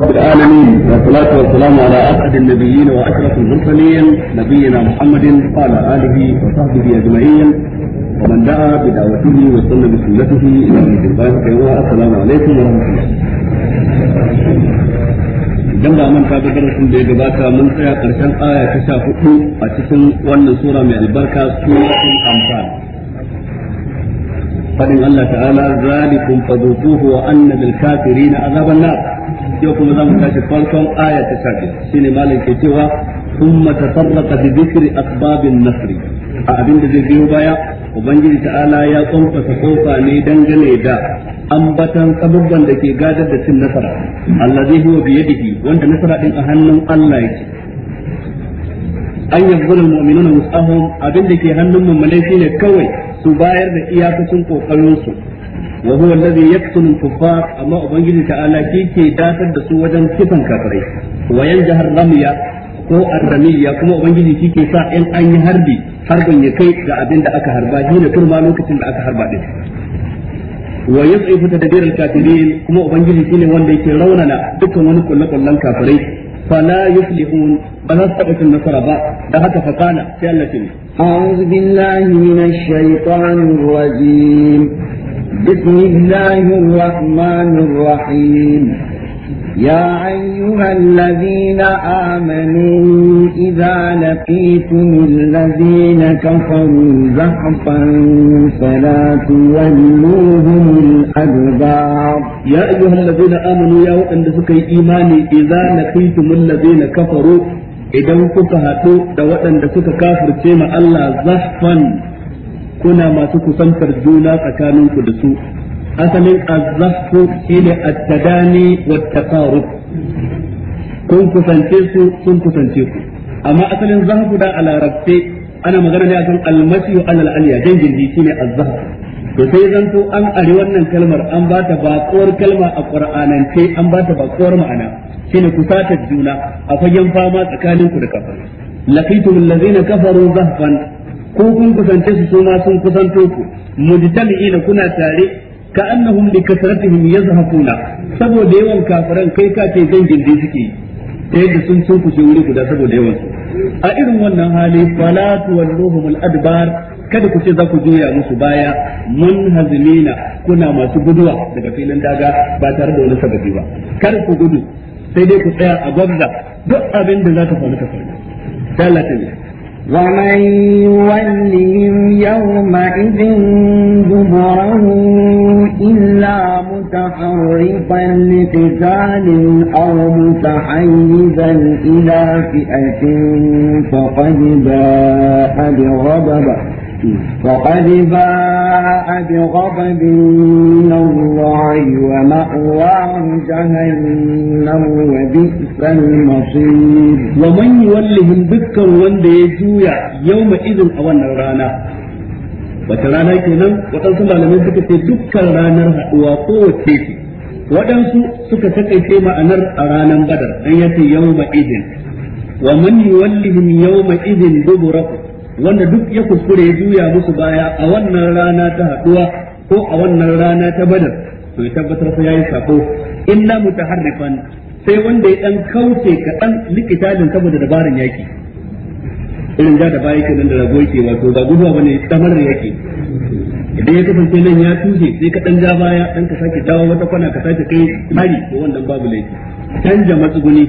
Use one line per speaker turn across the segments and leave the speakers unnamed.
رب العالمين والصلاة والسلام على أسعد النبيين وأشرف المرسلين نبينا محمد وعلى آله وصحبه أجمعين ومن دعا بدعوته وسن بسنته إلى يوم الدين السلام عليكم ورحمة الله idan ba manta da darasin da ya gabata mun tsaya karshen aya ta sha hudu a cikin wannan sura mai albarka suratul anfal fadin Allah ta'ala zalikum fadhuquhu wa anna lil kafirin azaban nar yau kuma za mu tashi farkon aya ta shafi shine malam ke cewa thumma tatarraqa bi dhikri asbabin nasri a abin da zai biyo baya ubangiji ta'ala ya kwamfasa kofa ne dangane da ambatan sababban da ke gadar da cin nasara allazi huwa biye da wanda nasara din a hannun Allah yake an yabdul mu'minuna wus'ahum abin da ke hannun mu'minai ne kawai su bayar da iyakacin kokarin su wa huwa alladhi yaqtulu al-kuffar amma ubangiji ta'ala shi ke dakar da su wajen kifan kafirai wa jahar ramiya ko arramiya kuma ubangiji shi ke sa in an yi harbi harbin ya kai ga abin da aka harba shi ne lokacin da aka harba din wa yud'ifu tadbir al-kafirin kuma ubangiji ne wanda yake raunana dukkan wani kullakullan kafirai فلا يفلحون بل استبقوا النصر بعد دهك allah سألتني
أعوذ بالله من الشيطان الرجيم بسم الله الرحمن الرحيم يا أيها الذين آمنوا إذا لقيتم الذين كفروا زحفا
فلا تولوهم الأدبار يا أيها الذين آمنوا يا وأن سكي إيماني إذا لقيتم الذين كفروا إذا كفهتوا دوأن سك كافر تيم الله زحفا kuna masu kusantar juna tsakaninku da su asalin azzahfu shine at-tadani wat-taqarrub kun kusance su kun kusance ku amma asalin zahfu da a larabce ana magana ne akan almasiyu alal aliya dan gindi shine azzahfu to sai zanto an ari wannan kalmar an ba ta bakuwar kalma a qur'anance an ba ta bakuwar ma'ana shine kusatar juna a fagen fama tsakaninku da kafirai laqitum allazina kafaru zahfan ko kun kusance su suna sun kusanto ku da kuna tare ka annahum bi kasratihim yazhafuna saboda yawan kafiran kai ka ce zan da suke ta yadda sun sun wuri guda saboda yawan a irin wannan hali fala tuwalluhum al-adbar kada ku ce za ku juya musu baya mun hazmina kuna masu guduwa daga filin daga ba tare da wani sababi ba kar ku gudu sai dai ku tsaya a gwamza duk abin da za ta faru ta faru
ومن يولهم يومئذ دبره إلا متحرفا لقتال أو متحيزا إلى فئة فقد باء بغضب فقد باء بغضب من الله ومأواه جهنم وبئس المصير
ومن يولهم ذكر وند يجوع يومئذ أول رانا wata rana kenan waɗansu malamai suka ce dukkan ranar haɗuwa kowace ce waɗansu suka takaice ma'anar a ranar badar an yace yawma idin wa man yuwallihim yawma idin duburahu wanda duk ya kuskure ya juya musu baya a wannan rana ta haduwa ko a wannan rana ta badar to ya tabbatar fa yayi sako inna mutaharrifan sai wanda ya dan kauce kaɗan likitalin saboda dabarin yaki irin ja da baya kenan da rago yake wato ba guduwa bane tamar yake idan ya kasance nan ya tushe sai ka dan ja baya dan ka sake dawo wata kwana ka sake kai mari ko wannan babu laifi canja matsuguni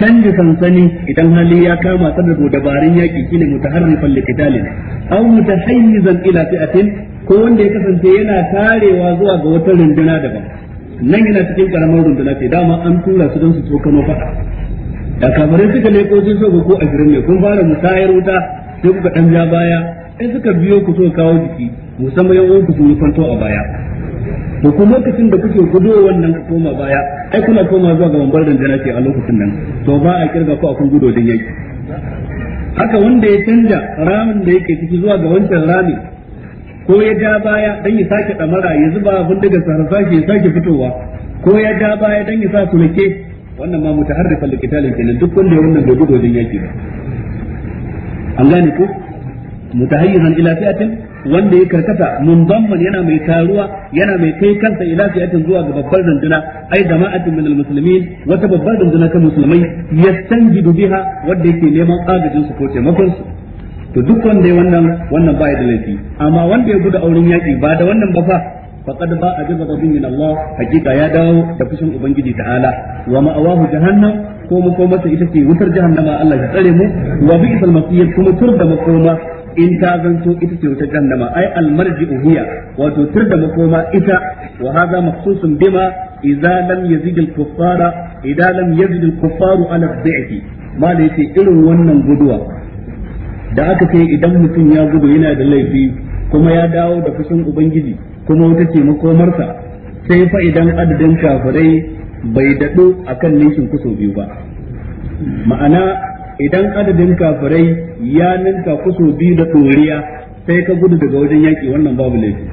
canji sansani idan hali ya kama ta da dabarun yaki shine mutaharrifan hanyar aw mutahayyizan ila fi'atin ko wanda ya kasance yana tarewa zuwa ga wata runduna daban nan yana cikin karamar runduna ce dama an tura su don su tsokano faɗa. da kamarin suka leko sun so ko ashirin ne kun fara musayar wuta sai kuka ɗan ja baya sai suka biyo ku so kawo jiki musamman yan uwanku sun yi kwanto a baya to kuma lokacin da kuke gudo wannan koma baya ai kuna koma zuwa ga mambar dandana ce a lokacin nan to ba a kirga ko a kun gudo din yake haka wanda ya canja ramin da yake ciki zuwa ga wancan rami ko ya ja baya dan ya sake damara ya zuba bindiga sarrafa ya sake fitowa ko ya ja baya dan ya sa kulake wannan ma mutaharrifan likitalin kenan duk wanda ya wannan bai gudo din yake an gane ko mutahayyiran ila fi'atin wanda ya karkata mun damman yana mai taruwa yana mai kai kansa ila fi'atin zuwa ga babbar danduna ai jama'atin min almuslimin wata babbar danduna ta musulmai yastanjidu biha wanda yake neman agajin su ko taimakon su to duk wanda ya wannan wannan baya da laifi amma wanda ya gudu auren yaki ba da wannan ba fa faqad ba a jaba min Allah hakika ya dawo da fushin ubangiji ta'ala wa ma'awahu jahannam ko mu ko ita ce wutar jahannama Allah ya tsare mu wa bi'sal masiyyat kuma turda da makoma in ta zanto ita ce wata jannama ai almarji'u hiya wato turda makoma ita wa hadha makhsusun bima idza lam yazid al-kuffara idza lam yazid al ala ma da irin wannan guduwa da aka ce idan mutum ya gudu yana da laifi kuma ya dawo da fushin ubangiji kuma wata ce makomarsa sai fa idan adadin kafirai bai dadu akan nishin kuso biyu ba ma'ana idan adadin kafirai ya ninka kusur biyu da ɗoriya sai ka gudu daga wajen yaƙi wannan babu laifi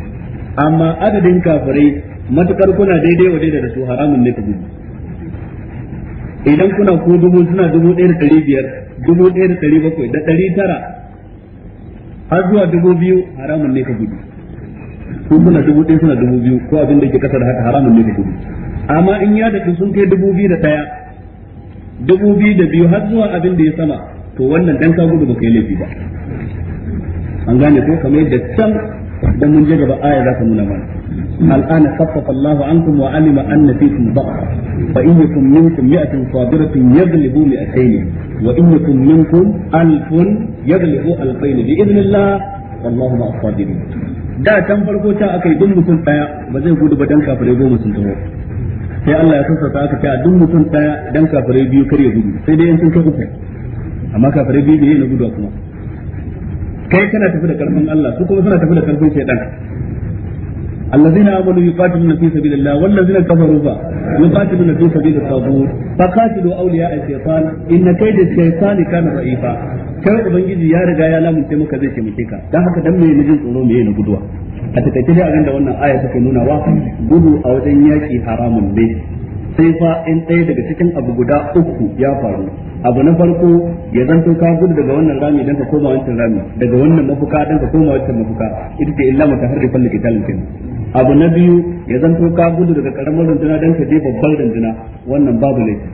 amma adadin kafirai matukar kuna daidai wa daidai da su haramun ne ka gudu idan kuna ko dubu suna dubu ɗaya da ɗari biyar dubu ɗaya da ɗari bakwai da ɗari tara har zuwa dubu biyu haramun ne ka gudu ko kuna dubu ɗaya suna dubu biyu ko abin da ke kasar haka haramun ne ka gudu amma in ya daɗi sun kai dubu biyu da ɗaya dubu biyu da biyu har zuwa abin da ya sama to wannan dan ka gudu baka yi laifi ba an gane ko kamar yadda can dan mun je gaba aya za ka nuna mana الآن خفف الله عنكم وعلم أن فيكم ضعفا فإن منكم مئة صابرة يغلبوا مئتين وإن منكم ألف يغلبوا ألفين بإذن الله والله مع الصابرين da can farko ta aka yi duk mutum daya ba zai gudu ba dan sun sai Allah ya sassauta aka a duk mutum daya dan kafirai biyu kar ya gudu sai dai yan sun kai uku amma kafirai biyu da yi na gudu kuma kai kana tafi da karfin Allah su kuma suna tafi da karfin shaidan الذين امنوا يقاتلون في سبيل الله والذين كفروا يقاتلون في سبيل الطاغوت فقاتلوا اولياء الشيطان ان كيد الشيطان كان ضعيفا kai ubangiji ya riga ya lamunce maka zai taimake ka dan haka dan mai jin tsoro mai na guduwa a takaice dai abin da wannan aya take nuna wa gudu a wajen yaki haramun ne sai fa in ɗaya daga cikin abu guda uku ya faru abu na farko ya zanto ka gudu daga wannan rami dan ka koma wancan rami daga wannan mafuka dan ka koma wancan mafuka ita ce illa mutaharrifan likitalin kenan abu na biyu ya zanto ka gudu daga karamar runduna don ka je babbar runduna wannan babu laifi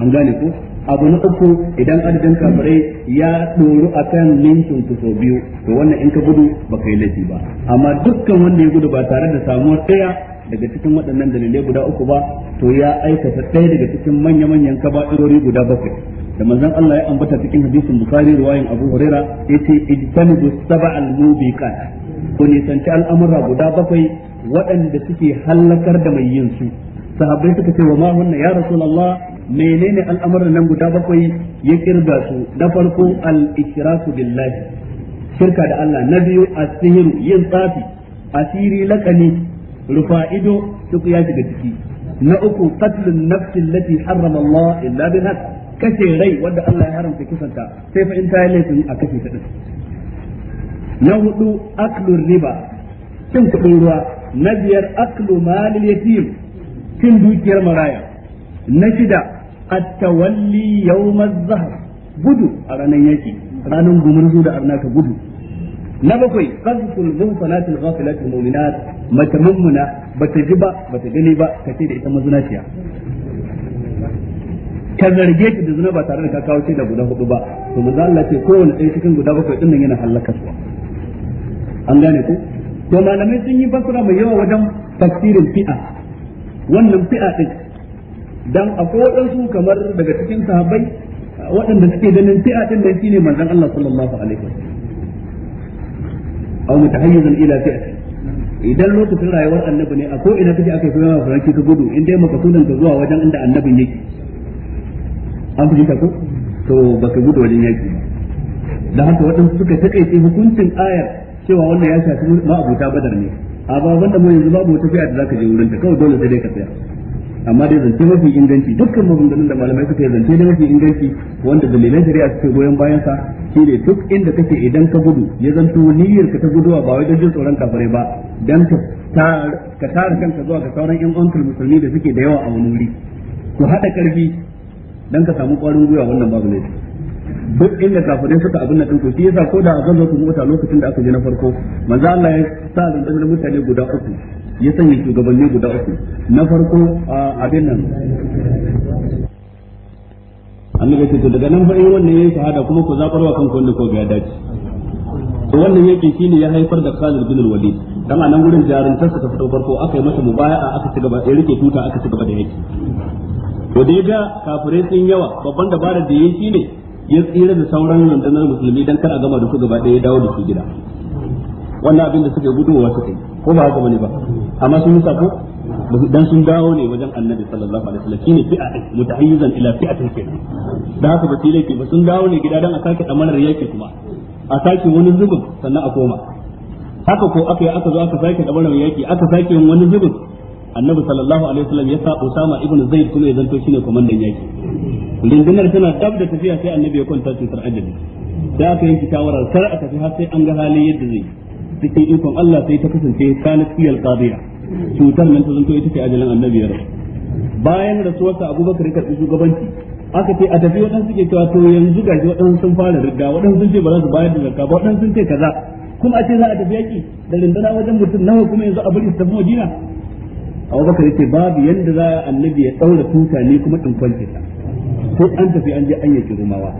an gane ko abu na uku idan adadin kafirai ya doru a kan ninkin kuso biyu to wannan in ka gudu ba ka yi laifi ba amma dukkan wanda ya gudu ba tare da samuwar ɗaya daga cikin waɗannan dalilai guda uku ba to ya aikata ɗaya daga cikin manya-manyan kaba'irori guda bakwai da manzon Allah ya ambata cikin hadisin Bukhari wayan Abu Huraira yace ijtanibu sab'al mubiqat ku nisanci al'amura guda bakwai waɗanda suke hallakar da mai yin su sahabbai suka ce wa ma hunna ya rasulullah menene al'amuran nan guda bakwai ya kirga su na farko al billahi shirka da Allah na biyu asihiru yin tsafi asiri lakani rufa ido duk ya shiga ciki na uku qatlun nafsi lati harrama Allah illa bil haqq kace rai wanda Allah ya haramta kisanta sai fa in ta yi laifin a kashe ta na hudu aklur riba cin kuɗin ruwa na biyar aklu malil yatim cin dukiyar maraya na shida at-tawalli yawm az-zahr gudu a ranar yaki ranar gumurzu da arnaka gudu na bakwai qadful mumfanat al-ghafilat al-mu'minat mata bata ji ba bata gani ba kace da ita mazunaciya ka zarge ki da zuna ba tare da ka kawo da guda hudu ba to manzo Allah ce kowanne ɗaya cikin guda bakwai din nan yana halaka su an gane ku to malamai sun yi basura mai yawa wajen tafsirin fi'a wannan fi'a din dan akwai waɗansu kamar daga cikin sahabbai waɗanda suke ganin fi'a din da shine manzon Allah sallallahu alaihi wasallam aw mutahayyizan ila fi'ati idan lokacin rayuwar annabi ne a ko ina kake aka yi kuma furanki ka gudu in dai makasudan ka zuwa wajen inda annabin yake an fi ko to baka gudu wajen yaki da haka waɗansu suka taƙaice hukuncin ayar cewa wannan ya shafi abuta badar ne amma wanda mu yanzu babu wata fiya da zaka je wurin ta kawai dole sai dai ka tsaya amma dai zance mafi inganci dukkan mabungunan da malamai suka yi zance da mafi inganci wanda dalilan shari'a suke goyon bayan sa shi ne duk inda kake idan ka gudu ya zanto niyyar ka ta guduwa ba wai don jin tsoron kafare ba dan ka tara kanka zuwa ga sauran yan uwan musulmi da suke da yawa a wani wuri ku haɗa ƙarfi dan ka samu ƙwarin gwiwa wannan babu ne duk inda kafirai suka abin nan ko shi yasa ko da azan zo zo mota lokacin da aka je na farko manzo Allah ya sa da mutane guda uku ya sanya shugabanni guda uku na farko abin nan annabi ce daga nan fa wannan yayin shahada kuma ku zabarwa kanku wanda ko ga dace to wannan shi shine ya haifar da Khalid bin Walid dan a nan gurin tarsa ta fito farko aka yi masa mubaya'a aka ci gaba ya rike tuta aka ci gaba da yaki to da ya ga kafirai sun yawa babban dabarar da shi shine ya tsira da sauran rundunar musulmi dan kar a gama da su gaba ɗaya ya dawo da su gida wannan abin da gudu guduwa suka yi ko ba haka bane ba amma sun musa ko dan sun dawo ne wajen annabi sallallahu alaihi wasallam shine fi'a mutahayyizan ila fi'atin kenan da haka ba tilai ba sun dawo ne gida dan a sake damanar yake kuma a sake wani zubin sannan a koma haka ko aka yi aka zo aka sake damarar yake aka sake wani zubin annabi sallallahu alaihi wasallam ya sa Usama ibn Zaid kuma ya zanto shine komandan yake rundunar tana dab da tafiya sai annabi ya kwanta cutar ajali da aka yanki shawarar kar a tafi har sai an ga hali yadda zai cikin ikon Allah sai ta kasance kanat fiyal qadiya cutar nan ta zanto ita ce ajalin annabi ya rasu bayan rasuwarsa Abubakar ya karbi shugabanci aka ce a tafi waɗansu ke cewa to yanzu gashi waɗansu sun fara rigga waɗansu sun ce ba za su bayar da zakka ba waɗansu sun ce kaza kuma a ce za a tafi yaki da rindana wajen mutum nawa kuma yanzu a bari su tafi Madina Abubakar yace babu yanda za annabi ya daura tuta ne kuma din kwance ta sai an tafi an je an yaki rumawa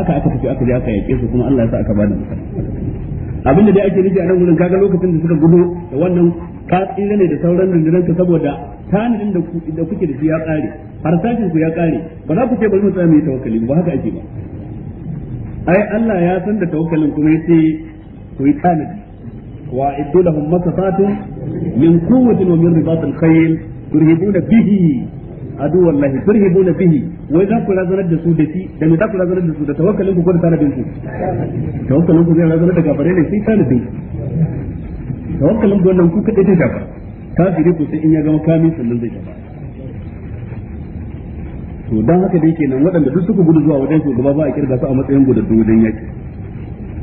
aka aka tafi aka je aka yake su kuma Allah ya sa aka bada musa abinda dai ake nufi a nan gurin kaga lokacin da suka gudu da wannan ka tsira ne da sauran rundunar ka saboda tanadin da kuke da shi ya kare sakin ku ya kare ba za ku ce bari mu tsaya mu yi tawakkali ba haka ake ba ai Allah ya san da tawakkalin kuma yace ku yi tanadi wa iddu lahum masafatun min quwwatin wa min ribatil khayl turhibuna bihi adu wallahi turhibuna bihi wai za ku razanar da su da shi da me za ku razanar da su da tawakkalin ku ko da tanadin ku tawakkalin ku zai razanar da gabare ne sai tanadin ku tawakkalin ku wannan ku kadai ta gafa kafiri ku sai in ya gama kamin sannan zai gafa to dan haka yake nan waɗanda duk suka gudu zuwa wajen su gaba ba a kirga su a matsayin da wajen yaki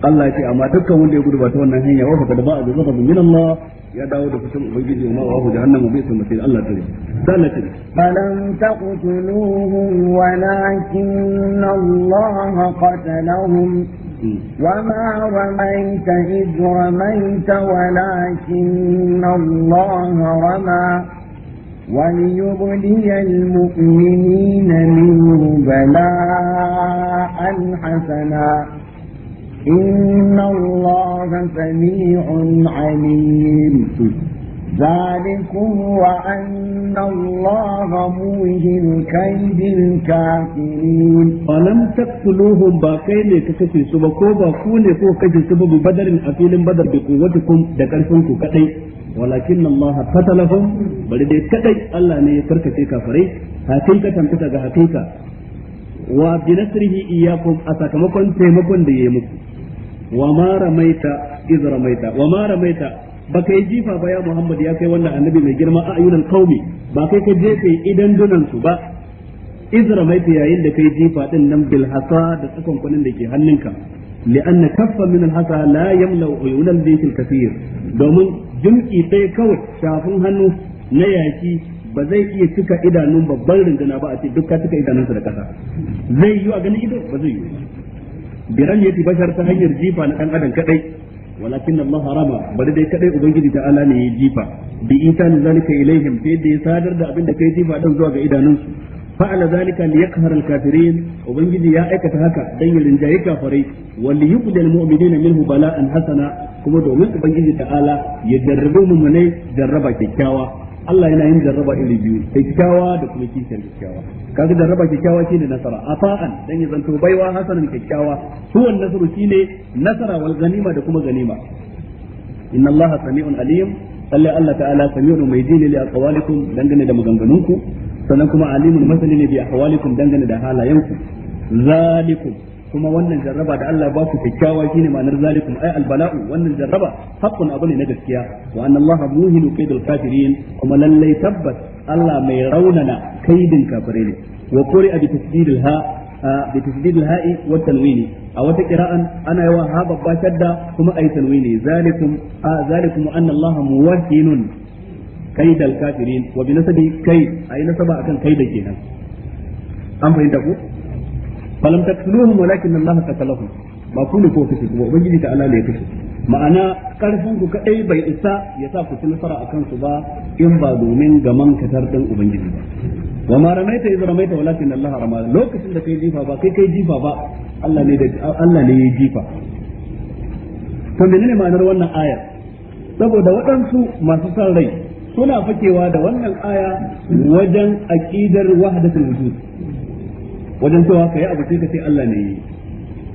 Allah ya ce amma dukkan wanda ya gudu ba ta wannan hanya wa faqad ba'a bi ghadabin min Allah ya dawo da fushin ubangiji wa ma'ahu jahannamu bi sun masir Allah ta sanatin alam
taqtuluhum walakin Allah qatalahum وما رميت إذ رميت ولكن الله رمى وليبلي المؤمنين منه بلاء حسنا إن الله سميع عليم ذلكم وأن الله
موهي الكيد الكافرين فلم تقتلوهم باقين كتفي سبكو باقون يكو كجل سبب بدر أفيل بدر بقوتكم دكالكم كتي ولكن الله قتلهم بل دي كتي الله ني كركتي كافري حقيقة تنكتا حقيقة وبنصره إياكم أتاكمكم تيمكم ديمكم wa ma ramaita iz ramaita wa ma ramaita yi jifa ba ya Muhammad ya kai wannan annabi mai girma a ayyunan kaumi ba kai ka jefe idan dunan su ba iz ramaita yayin da kai jifa din nan bil hasa da tsakon kunin da ke hannunka لأن كفا من الحسا لا يملأ عيون البيت الكثير domin jum'i sai kawai shafin hannu na yaki ba zai iya cika idanun babban runduna ba a ce duk ka cika idanunsa da kasa zai yi a ganin ido ba zai yi bi ramyati bashar ta hanyar jifa na ɗan adam kadai walakin Allah maharama bari dai kadai ubangiji ta ala ne ya jifa bi insani zalika ilaihim sai da ya sadar da abin da kai jifa dan zuwa ga idanunsu fa'ala zalika liyakhara alkafirin ubangiji ya aikata haka dan ya rinjaye kafirai wa liyubdil mu'minina minhu bala'an hasana kuma domin ubangiji ta'ala ya mu mu'minai jarraba kyakkyawa Allah yana yin jarraba iri biyu kyakkyawa da kuma kishiyar kyakkyawa kaga jarraba kyakkyawa shine nasara afa'an dan ya zanto baiwa hasanan kyakkyawa huwan nasru shine nasara wal ganima da kuma ganima inna Allah sami'un alim salli Allah ta'ala sami'un mai dini li aqwalikum dangane da maganganunku sannan kuma alimun masani ne bi ahwalikum dangane da halayenku zalikum kuma wannan jarraba da Allah ba ku kyakkyawa shine ma'anar zalikum ay albala'u wannan jarraba haqqun abu ne na gaskiya wa anna Allah muhinu qaidul kafirin kuma lallai tabbas Allah mai raunana kaidin kafirai ne wa qur'a bi tasdidil ha bi tasdidil ha'i wa tanwini a wata qira'an ana yawa ha babba shadda kuma ay tanwini zalikum a zalikum anna Allah muwahhinun kaidal kafirin wa bi nasabi kai ay nasaba akan kaida kenan an fahimta ku falam taqtuluhum walakin Allah qatalahum ba ku ne ko kace kuma ubangiji ta Allah ne ya kace ma'ana karfin ku kadai bai isa ya sa ku ci nasara akan su ba in ba domin gaman katar din ubangiji ba wa ma ramaita iz ramaita walakin Allah rama lokacin da kai jifa ba kai kai jifa ba Allah ne da Allah ne ya jifa to menene ma'anar wannan aya saboda waɗansu masu san rai suna fakewa da wannan aya wajen aqidar wahdatul wujud wajen cewa kai abu sai ka ce Allah ne yi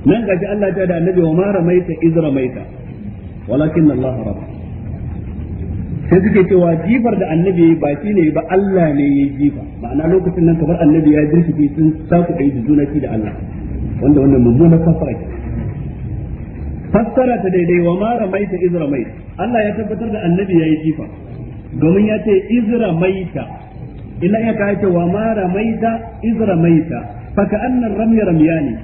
nan gaji Allah ta da annabi wa ma ramaita iz ramaita walakin Allah rabu. sai suke cewa jifar da annabi ba shi ne ba Allah ne ya jifa ma'ana lokacin nan kamar annabi ya dirshi sun saku dai da juna da Allah wanda wannan mummunar fassara ce fassara ta daidai wa ma ramaita iz mai. Allah ya tabbatar da annabi ya yi jifa domin ya ce iz ramaita illa ya kai ce wa ma ramaita iz ramaita فكأن الرمي رميان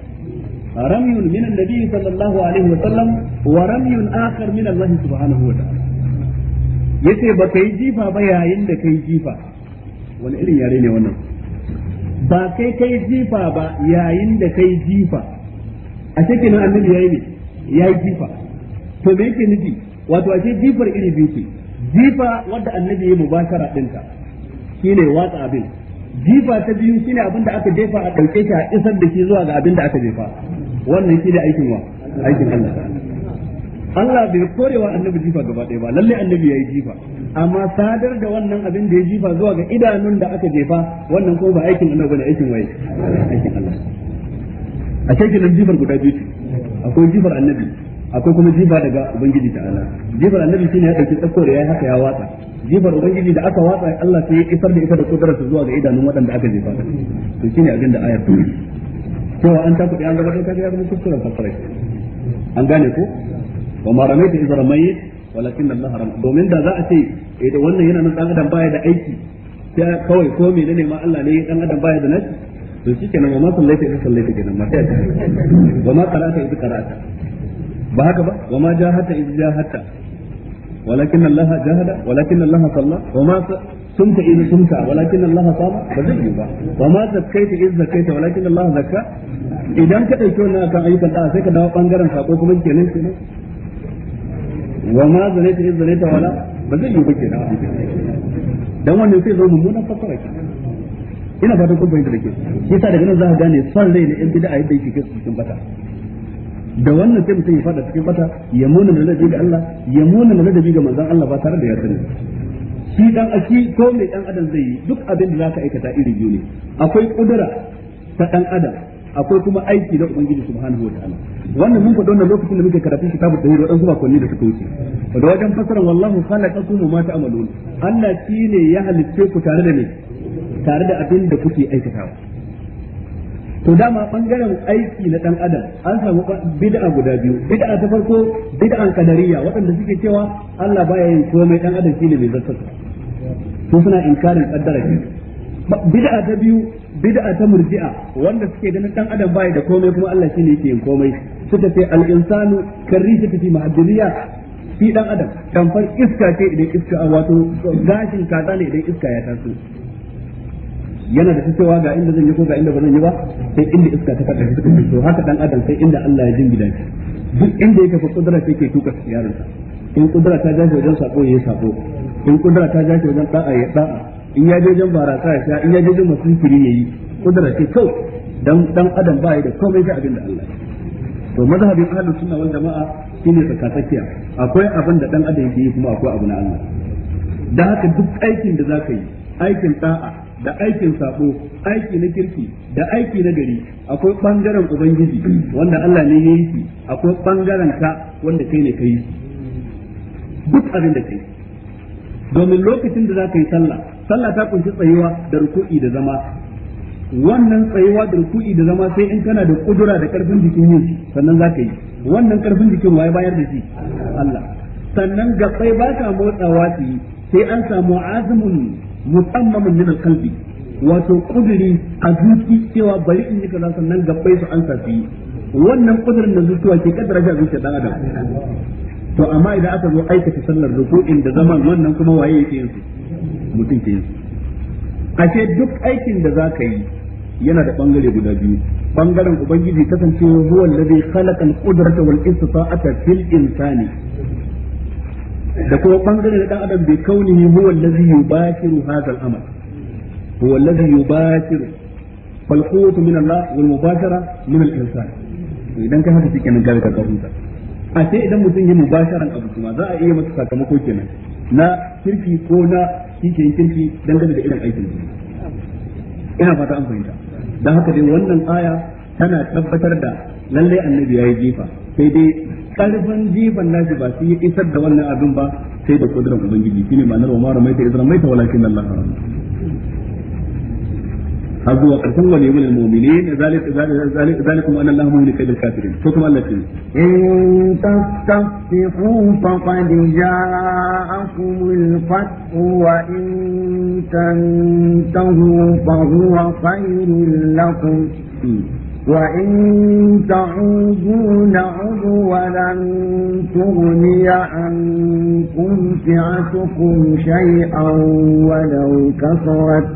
رمي من النبي صلى الله عليه وسلم ورمي آخر من الله سبحانه وتعالى yace ba kai jifa ba yayin da kai jifa wani irin yare ne wannan ba kai kai jifa ba yayin da kai jifa a cikin annabi yayi ne yayi jifa to me yake nufi wato a ce jifar iri biyu ce jifa wadda annabi ya mubashara dinta shine watsa abin jifa ta biyu shine abin da aka jefa a ɗauke shi a isar da shi zuwa ga abin da aka jefa wannan shine aikin wa aikin Allah Allah bai korewa annabi jifa gaba ɗaya ba lalle annabi yayi jifa amma sadar da wannan abin da ya jifa zuwa ga idanun da aka jefa wannan ko ba aikin annabi bane aikin waye aikin Allah a cikin jifar guda biyu akwai jifar annabi akwai kuma jifa daga ubangiji ta'ala jifar annabi shine ya dauki tsakko ya yayi haka ya watsa jifar ubangiji da aka watsa Allah sai ya isar da ita da kudarar zuwa ga idanun waɗanda aka jefa to shine abin da ayar ta cewa an ta kudi an gabatar kaga ya zama kuskuren fasara an gane ko wa maramaita ramaita iz walakin Allah haram domin da za a ce idan eh, wannan yana nan dan adam baya da aiki sai kawai ko menene ma Allah ne dan adam baya da nashi to shikenan wa ma sallaita iz sallaita kenan ma sai wa ma qara'ata iz qara'ata ba haka ba wa ma jahata iz jahata walakin Allah jahada walakin Allah salla wa ma sumta iz sumta walakin Allah sama ba zai yi ba wa ma zakkaita iz zakkaita walakin Allah zakka idan ka dauki wannan akan ayyukan da sai ka dawo bangaren sako kuma kenan kenan wa ma zalaita iz zalaita wala ba zai yi ba kenan dan wannan sai zo mummunan fasara kenan ina fatan kun fahimta da ke shi yasa daga nan za ka gane son rai na yan bid'a yadda yake cikin bata da wannan sai mutum ya fada cikin bata ya muna da ladabi ga Allah ya muna da ladabi ga manzon Allah ba tare da ya sani shi dan aki ko mai dan adam zai yi duk abin da zaka aikata iri biyu ne akwai kudura ta dan adam akwai kuma aiki da ubangiji subhanahu wataala wannan mun ko wannan lokacin da muke karatun kitabu da yaro dan zuwa kwanni da suka wuce da wajen fasara wallahu khalaqakum ma ta'malun Allah shine ya halicce ku tare da ne tare da abin da kuke aikatawa to dama bangaren aiki na dan adam an samu bid'a guda biyu bid'a ta farko bid'an kadariya waɗanda suke cewa Allah baya yin komai dan adam shine mai zartarsa to suna inkarin kaddara bid'a ta biyu bid'a ta murji'a wanda suke ganin dan adam baya da komai kuma Allah shine yake yin komai suka ce al insanu karisa fi mahadiriya fi dan adam tamfar iska ce idan iska wato gashin kaza ne idan iska ya taso yana da cewa ga inda zan yi ko ga inda ba zan yi ba sai inda iska ta fada shi to haka dan adam sai inda Allah ya gida shi duk inda yake fa kudura sai ke tuka sa in kudura ta jashi wajen sako yayi sako in kudura ta jashi wajen da'a ya da'a in ya je wajen barasa ya sha in ya je wajen masukiri yayi kudura ce kau dan dan adam ba ya da komai sai abin da Allah to mazhabin ahlus sunna wal jamaa shine tsakatsakiya akwai abin da dan adam yake yi kuma akwai abu na Allah dan haka duk aikin da zaka yi aikin da'a da aikin sabo aiki na kirki da aiki na gari akwai bangaren ubangiji wanda Allah ne yayi shi akwai bangaren ka wanda kai ne kai duk abin da kai domin lokacin da za ka yi sallah sallah ta kunshi tsayuwa da ruku'i da zama wannan tsayuwa da ruku'i da zama sai in kana da kudura da karfin jikin yin sannan za ka yi wannan karfin jikin waye bayar da shi Allah sannan gabbai ba ka motsawa shi sai an samu azumin musamman min kalbi wato kudiri a zuci cewa bari in yi kaza sannan gabbai su an safi wannan kudirin da zuciya ke kaddara shi a dan adam to amma idan aka zo aikata sallar ruku'in da zaman wannan kuma waye yake yin su mutum ke yin su ashe duk aikin da za ka yi yana da bangare guda biyu bangaren ubangiji kasancewa huwa alladhi khalaqa al-qudrata wal istita'ata fil insani da kuma bangare na dan adam bi kaunihi huwa allazi yubashiru hadha al-amal huwa allazi yubashiru fal qutu min Allah wal mubashara min al-insan idan kai haka cikin gari ka kafuta a sai idan mutum ya mubasharan abu kuma za a iya masa sakamako kenan na kirki ko na kike kirki dangane da irin aikin ina fata an fahimta dan haka dai wannan aya tana tabbatar da lallai annabi yayi jifa sai dai karfin jiban nashi ba shi ya isar da wannan abin ba sai da kudurar ubangiji ne ma'anar wa mara maita izra ta walakin Allah har zuwa ƙarshen wani yamin al-mu'minin zalikum anna Allah mu'min kaydil kafirin ko kuma Allah ce in tastafihu faqad
ja'akum al wa in tantahu fa huwa khayrun lakum وإن تعودوا نعد ولن تغني عنكم فئتكم شيئا ولو كثرت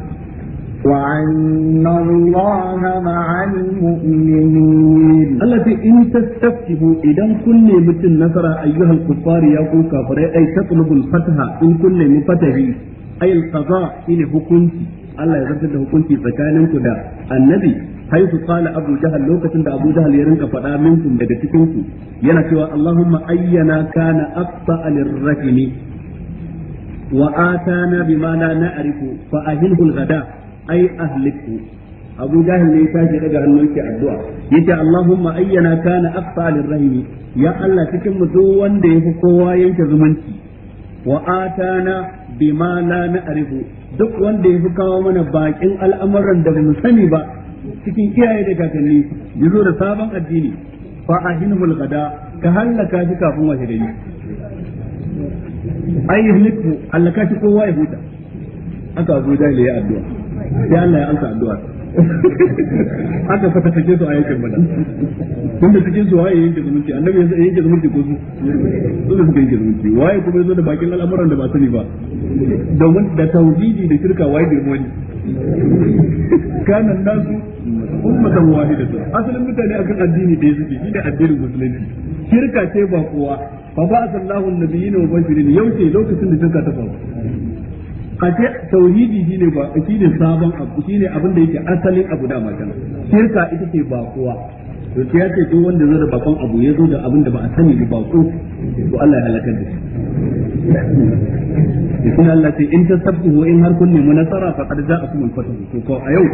وأن
الله مع المؤمنين التي إن تستفتحوا إذا كل مثل نصر أيها الكفار يقول كفر أي تطلب الفتح إن كل مفتحي أي القضاء إلى حكمتي الله يرد حكمتي فكانت دا النبي haitu qala abu jahal lokacin da abu ya rinka faɗa minkum daga cikin yana cewa allahumma ayyana kana afsa lirrahimi wa atana bima la fa ahilhu alghada ay ahliku abu jahal ne ya tashi daga hannun addu'a yace allahumma ayyana kana afsa lirrahimi ya allah cikin mu duk wanda yafi kowa yanke zumunci wa atana duk wanda fi kawo mana bakin al'amuran da bamu sani ba cikin kiyaye da kakanni ya zo da sabon addini fa ahinhul gada ka hallaka shi kafin washe gari ai halittu hallaka shi kowa ya huta aka zo da ya addu'a ya Allah ya amsa addu'a haka fa take su a yankin bada tun da cikin su waye yanke zumunci annabi yanzu yanke zumunci ko su su da suka yanke zumunci waye kuma yanzu da bakin al'amuran da ba sani ba domin da tauhidi da shirka waye da wani kana nasu ummatan wahidatan asalin mutane akan addini da yake shi da addinin musulunci shirka ce ba kowa fa ba sallahu nabiyina wa bashirin yau ce lokacin da shirka ta faru a ce tauhidi shine ba shine sabon abu shine abin da yake asalin abu da kana shirka ita ce ba kowa to sai ya ce duk wanda zai da bakon abu ya zo da abin da ba a sani ba ko to Allah ya halaka da shi kuma Allah sai in tasabbu wa in har kun munasara nasara fa qad ja'akum al-fatah to ko a yau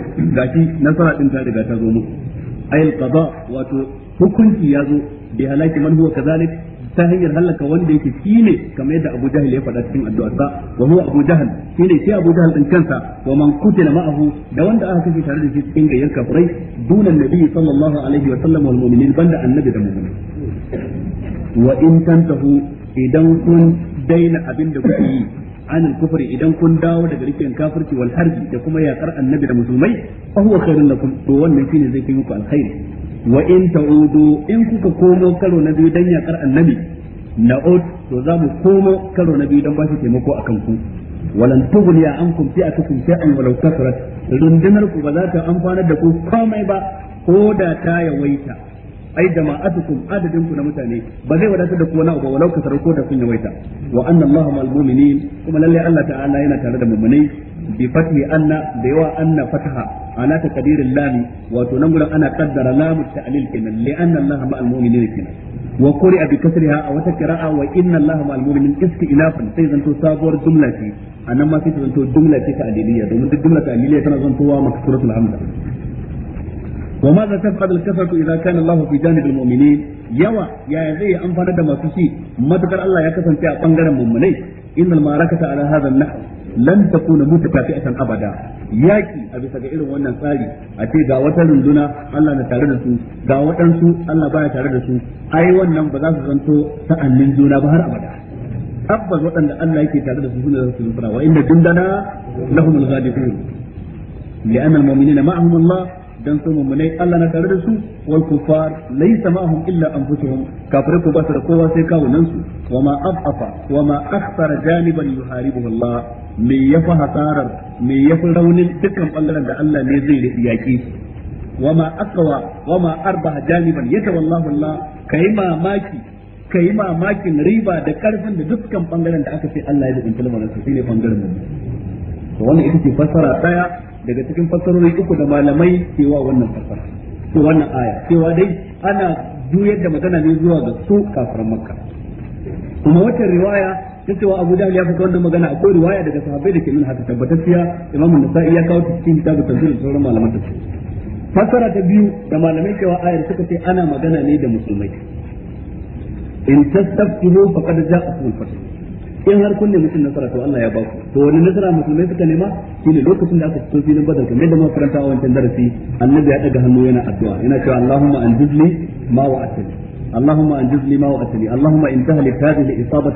shi nasara din ta riga ta zo muku ayil qada wato hukunci ya zo bi halaki man huwa kadhalik ta hanyar halaka wanda yake ne kamar yadda Abu Jahal ya faɗa cikin addu'arsa wa huwa Abu Jahal shine shi Abu Jahal din kansa wa man kutila ma'ahu da wanda aka kashe tare da shi cikin gayyar kafirai duna annabi sallallahu alaihi wa sallam wal mu'minin banda annabi da mu'mini wa in tantahu idan kun daina abin da kuke yi anil kufri idan kun dawo daga rikin kafirci wal harbi da kuma yakar annabi da musulmai fa huwa khairun lakum to wannan shine zai kai muku alkhairi wa in ta'udu in kuka komo karo na biyu dan yakar annabi na'ud to za mu komo karo na biyu dan ba shi taimako akan ku walan tughniya ankum fi'atukum shay'an walau kasrat rundunar ku ba za ta amfanar da ku komai ba ko da ta yawaita ai jama'atukum adadin ku na mutane ba zai wadatar da ku wani abu walau kasar ko da sun yawaita wa anna allaha ma'al mu'minin kuma lalle allah ta'ala yana tare da mu'minai bi fathi anna da yawa anna fataha ala taqdirin lami wato nan gudan ana kaddara lamu ta'lil kenan li anna allaha ma'al mu'minin kenan wa quri'a bi kasriha aw takra'a wa inna allaha ma'al mu'minin istinafan sai zanto sabuwar jumla ce anan ma sai zanto jumla ce ta aliliya domin duk jumla ta aliliya tana zantowa makasuratul hamza وما ذا تفعل الكثرة إذا كان الله في جانب المؤمنين يوا يا يزي أنفر دم سشي ما تقر الله يكثن في أطنقر المؤمنين إن المعركة على هذا النحو لن تكون متكافئة أبدا yaki a bisa ga irin wannan tsari a ce ga wata runduna Allah na tare da su ga waɗansu Allah baya tare da su ai wannan ba za su zanto ta'annin juna ba har abada tabbas waɗanda Allah yake tare da su suna da su fara wa inda dindana lahumul ghadibun li'anna al-mu'minina ma'ahum Allah Don su mummunai Allah na tare da su wal kufar laysa ma'hum illa anfusuhum kafirai ku ba da kowa sai kawunan su wa ma afafa wa ma akhsara janiban yuharibuhu Allah me ya yafi hasarar me ya yafi raunin dukkan ɓangaren da Allah ne zai yaƙi? yaki وما أقوى وما أربح Allah ka yi mamaki ka yi mamakin riba da ƙarfin da dukkan ɓangaren da aka ce Allah ya zubunta lamarin su shine ɓangaren mu wannan ita ce fassara ɗaya. daga cikin fassarori uku da malamai cewa wannan fassara to wannan aya cewa dai ana juyar da magana ne zuwa ga su kafiran makka kuma wata riwaya ta cewa Abu Jahl ya fita wannan magana akwai riwaya daga sahabbai da ke nuna haka tabbatacciya Imam Nasa'i ya kawo ta cikin ta tafsir da sauran malaman tafsir fassara ta biyu da malamai cewa ayar suka ce ana magana ne da musulmai in tastaftihu faqad ja'akum al-fath in har kunne mutum nasara to Allah ya ba ku to wani nasara musulmai suka nema shine lokacin da aka fito filin badar kamar da muka karanta a wancan darasi annabi ya daga hannu yana addu'a yana cewa Allahumma anjizli ma wa'atani اللهم انجزني ما واتني اللهم ان تهلك هذه الاصابه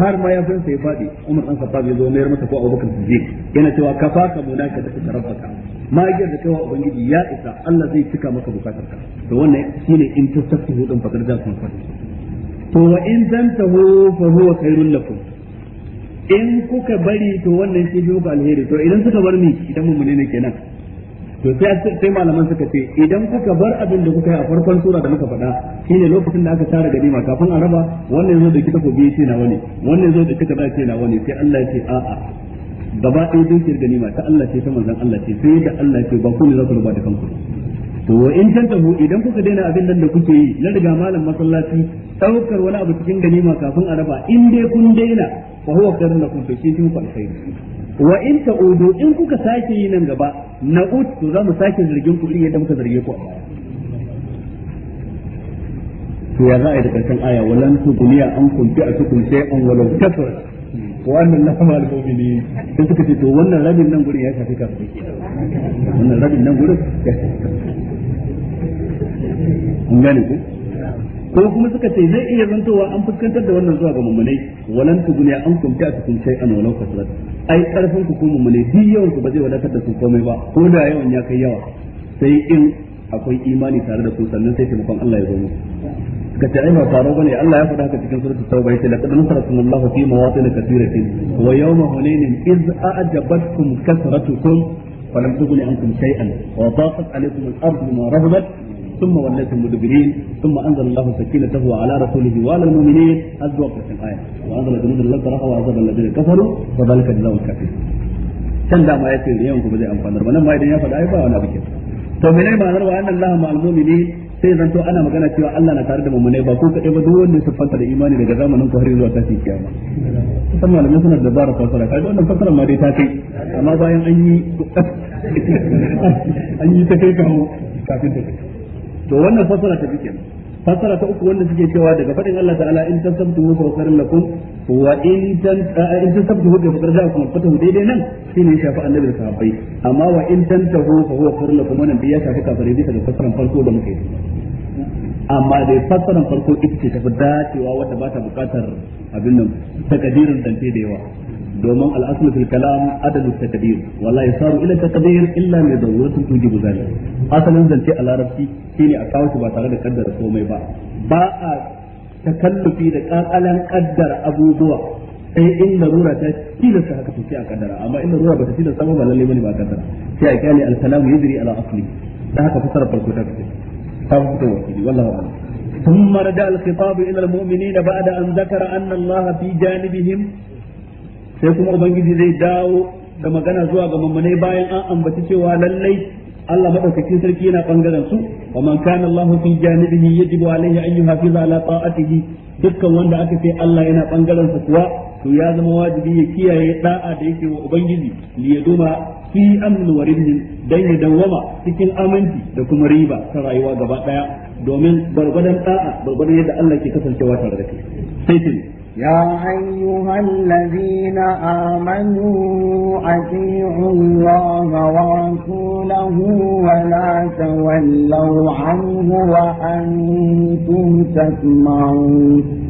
har ma ya san fadi Umar dan Khattab ya zo mayar masa ko Abu Siddiq yana cewa ka munaka da ka rabbaka ma yake da cewa ubangiji ya isa Allah zai cika maka bukatarka to wannan shine in tasaffu fakar da sun fadi to wa in tantahu fa huwa khairul lakum in kuka bari to wannan shi biyu ga alheri to idan suka bar ni idan mun ne kenan to sai sai malaman suka ce idan kuka bar abin da kuka yi a farkon sura da muka faɗa shine lokacin da aka tara ganima kafin a raba wannan yazo da kika ko biye ce na wani wannan zo da kika da ce na wani sai Allah ya ce a'a gaba ɗaya dukiyar ganima ta Allah ce ta manzon Allah ce sai da Allah ce ba ku ne za ku da kanku to in tantahu idan kuka daina abin nan da kuke yi na daga malam masallaci daukar wani abu cikin ganima kafin a raba in dai kun daina fa huwa khairun lakum kun fice cikin kwalfai wa in ta'udu in kuka sake yi nan gaba na to za mu sake zargin ku yadda muka zarge ku a baya to ya za a yi da karshen aya walan tughniya an a asukum shay'an walau kafara wa na allaha ma'al mu'minin sai suka ce to wannan rabin nan gurin ya shafi kafin wannan rabin nan gurin ya shafi kun gane ko ko kuma suka ce zai iya zantowa an fuskantar da wannan zuwa ga mummunai walan tuguniya an kun ta kun sai an walau kasrat ai karfin ku kuma mummunai duk yawan ku ba zai wadatar da su komai ba ko da yawan ya kai yawa sai in akwai imani tare da ku sannan sai taimakon Allah ya zo muku suka ta ai ba faro bane Allah ya faɗa haka cikin suratul tauba yace laqad nasarakumullahu fi mawatin katiratin wa yawma hunain iz a'jabatkum kasratukum falam tughni ankum shay'an wa daqat alaykum al-ardu ma rahabat ثم وليتم مدبرين ثم انزل الله سكينته على رسوله وعلى المؤمنين ازوا في الايه وانزل جنود لم ترها وعذب الذين كفروا فذلك جزاء الكافرين كان da ma da yawan ku ba zai amfanar ba nan ma idan ya faɗa ai ba wani abu ke to sai zanto ana magana cewa Allah na tare da mummunai ba ko ka ba duk wanda ya siffanta da imani daga zamanin ku har zuwa tashi kiyama san malamai suna da bara fasara kai wannan fasara ma dai ta kai amma bayan an yi an yi ta kai kawo kafin ta kai to wannan fasara ta fike fasara ta uku wanda suke cewa daga fadin Allah ta'ala in tasabtu wa fasarin lakum wa in tan in tasabtu wa fa lakum fa fatahu daidai nan shine shafi annabi da sahabbai amma wa in tantahu fa huwa khairun lakum wannan biya shafi kafirai bisa da fasaran farko da muke amma dai fasaran farko ita ce ta tafi dacewa wata ba ta bukatar abin nan takadirin dante da yawa domin al'aslu fil kalam adadu takdir wala yasaru ila takdir illa li dawratin tujibu zalik asalin zance a larabci shine a kawo shi ba tare da kaddara komai ba ba a takallufi da kakalan kaddara abubuwa sai in larura ta tilasta haka to sai a kaddara amma in larura ba ta tilasta lalle bane ba kaddara sai a kyale al kalam yajri ala da haka fasara farko ta kace ta fito wakili wallahu ثم رجع الخطاب إلى المؤمنين بعد أن ذكر أن الله في جانبهم sai kuma ubangiji zai dawo da magana zuwa ga mammanai bayan an ambaci cewa lallai Allah madaukakin sarki yana bangaren su wa man kana Allahu fi janibihi yajibu alaihi an yuhafiza ala ta'atihi dukkan wanda aka ce Allah yana bangaren sa kuwa to ya zama wajibi ya kiyaye da'a da yake wa ubangiji li yaduma fi amn wa ribnin dan ya dawama cikin aminci da kuma riba ta rayuwa gaba daya domin barbadan da'a barbadan yadda Allah ke kasancewa tare da kai
sai يا أيها الذين آمنوا أطيعوا الله ورسوله ولا تولوا عنه وأنتم تسمعون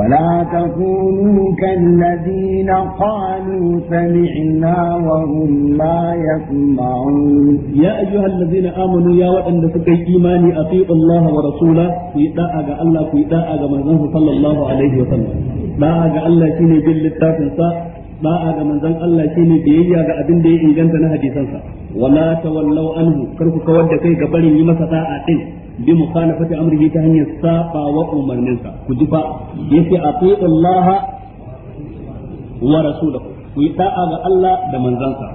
ولا تكونوا كالذين قالوا سمعنا
وهم لا يسمعون يا أيها الذين آمنوا يا وأن سكي إيماني أطيعوا الله ورسوله في داعة الله في داعة منزله صلى الله عليه وسلم داعة الله شيني جل التافنسا da'a ga manzon Allah shine biyayya ga abin da ya inganta na hadisansa wala tawallaw anhu kar ku kawar da kai ga barin yi masa da'a din bi mukhalafati amrihi ta hanyar saba wa umarninsa ku ji fa yace atiqu Allah wa rasulahu ku yi ta'a ga Allah da manzansa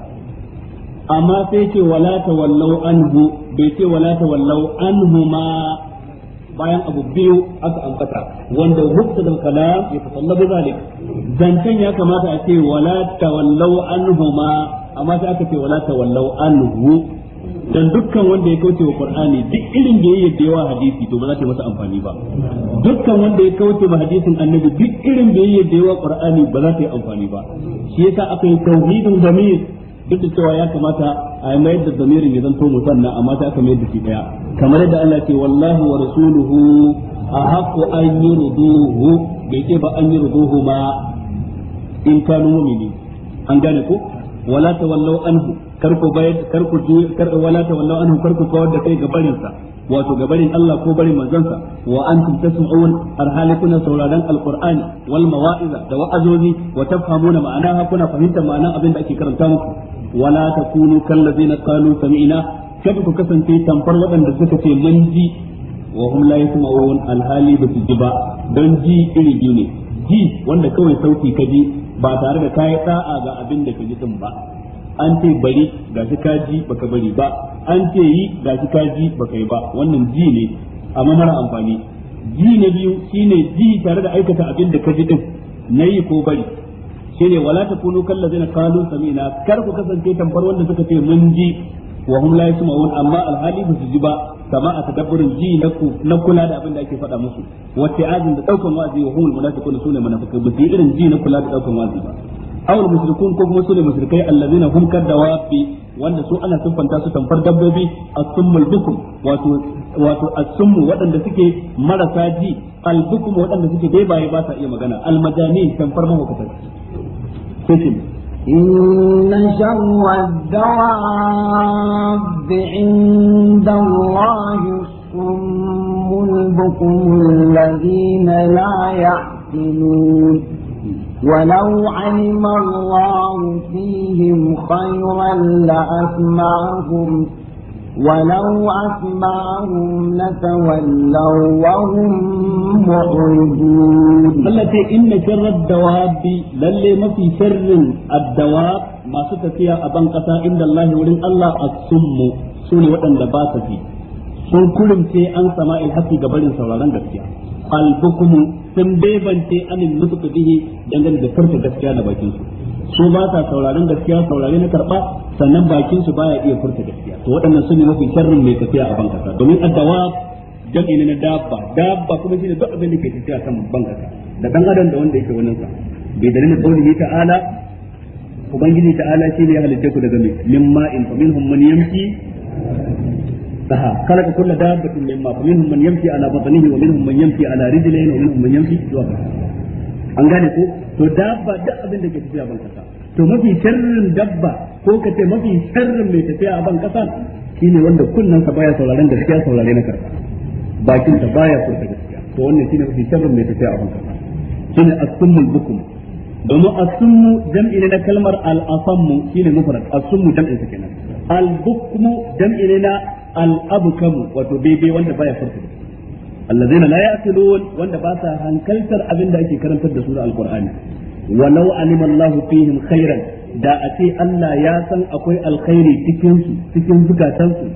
amma sai ce wala tawallau anhu bai ce wala tawallau anhu ma bayan abu biyu aka ambata wanda hukta da kalam ya tasallabu zalik zancen ya kamata a ce wala tawallau anhu ma amma sai aka ce wala tawallau anhu dan dukkan wanda ya kauce wa qur'ani duk irin da yayi da yawa hadisi to ba za ta masa amfani ba dukkan wanda ya kauce wa hadisin annabi duk irin da yayi da yawa qur'ani ba za ta yi amfani ba shi yasa aka yi tauhidin zamir duk da cewa ya kamata a mayar da zamirin ya zanto musanna amma ta aka mayar da shi daya kamar yadda Allah ce wallahi wa rasuluhu ahaqqu an yurduhu bai ce ba an yurduhu ma in kanu mu'minin an gane ko wala tawallaw anhu kar ku bayar kar ku kar wala tawallaw anhu kar ku kawar da kai ga barin sa wato ga barin Allah ko barin manzon sa wa antum tasma'un arhali kuna sauraron alqur'ani wal mawa'iza da wa'azozi wa tafhamuna ma'anaha kuna fahimtar ma'anar abin da ake karanta muku wala takunu kallazina qalu sami'na kada ku kasance tamfar waɗanda suka ke mun ji wa la alhali ba ba don ji iri biyu ne ji wanda kawai sauti ka ji ba tare da kayi sa'a ga abin da ka ji din ba an ce bari ga shi ka ji baka bari ba an ce yi ga shi ka ji baka yi ba wannan ji ne amma mara amfani ji na biyu shine ji tare da aikata abin da ka ji din nayi ko bari shine wala takunu kallazina qalu sami'na kar ku kasance tamfar wanda suka ce mun ji wa hum la yasma'un amma alhali ba su ji ba kama a tadabburin ji ake faɗa musu wa ta'azin da daukan wazi wa humul munafiqun sune munafiqai ba su yi irin ji na kula da daukan wazi wanda su ana siffanta su tamfar dabbobi as-summul bukum wato wato waɗanda marasa ji al-bukum waɗanda suke bai baye ba sa iya magana al-majani tamfar mahaukata إن
شر الدواب عند الله الصم البكم الذين لا يعقلون ولو علم الله فيهم خيرا لأسمعهم ولو أسمعهم
لتولوا وهم معرضون التي إن شر الدواب للي ما في شر الدواب ما ستفيا أبن قطاع عند الله ولن الله السم سوني وطن دباتتي sun kulumce an sama ilhaki ga barin sauraron gaskiya albukumu sun bebance anin nufuka bihi dangane da farta gaskiya na bakin su su ba sa sauraron gaskiya saurare na karba sannan bakin su baya iya furta gaskiya to waɗannan su ne mafi sharrin mai tafiya a banka ta domin addawa jam'i ne na dabba dabba kuma shine duk abin da ke tafiya kan ta da dan adam da wanda yake wannan sa bai dalilin ni ta'ala ubangiji ta'ala shine ya halitta ku daga mai min in fa minhum man yamshi saha ka kullu dabbatin ma'in fa minhum man yamshi ala batnihi wa minhum man yamshi ala rijlihi wa minhum man yamshi an gane ko to dabba duk abin da ke tafiya ban kasa to mafi sharrin dabba ko ka ce mafi sharrin mai tafiya a ban kasa shine wanda kunnan sa baya sauraron gaskiya saurare na karfa bakin sa baya ta gaskiya to wannan shine mafi sharrin mai tafiya a ban kasa shine ne summul bukum domo as jam'i ne na kalmar al-asammu shine mufrad as jam'i jam'in kenan al-bukmu jam'i ne na al-abkamu wato bebe wanda baya furta gaskiya allazina la yaqilun wanda ba sa hankaltar abin da ake karantar da su da alqur'ani walau alima Allah fihim khairan da a ce Allah ya san akwai alkhairi cikin su cikin zukatansu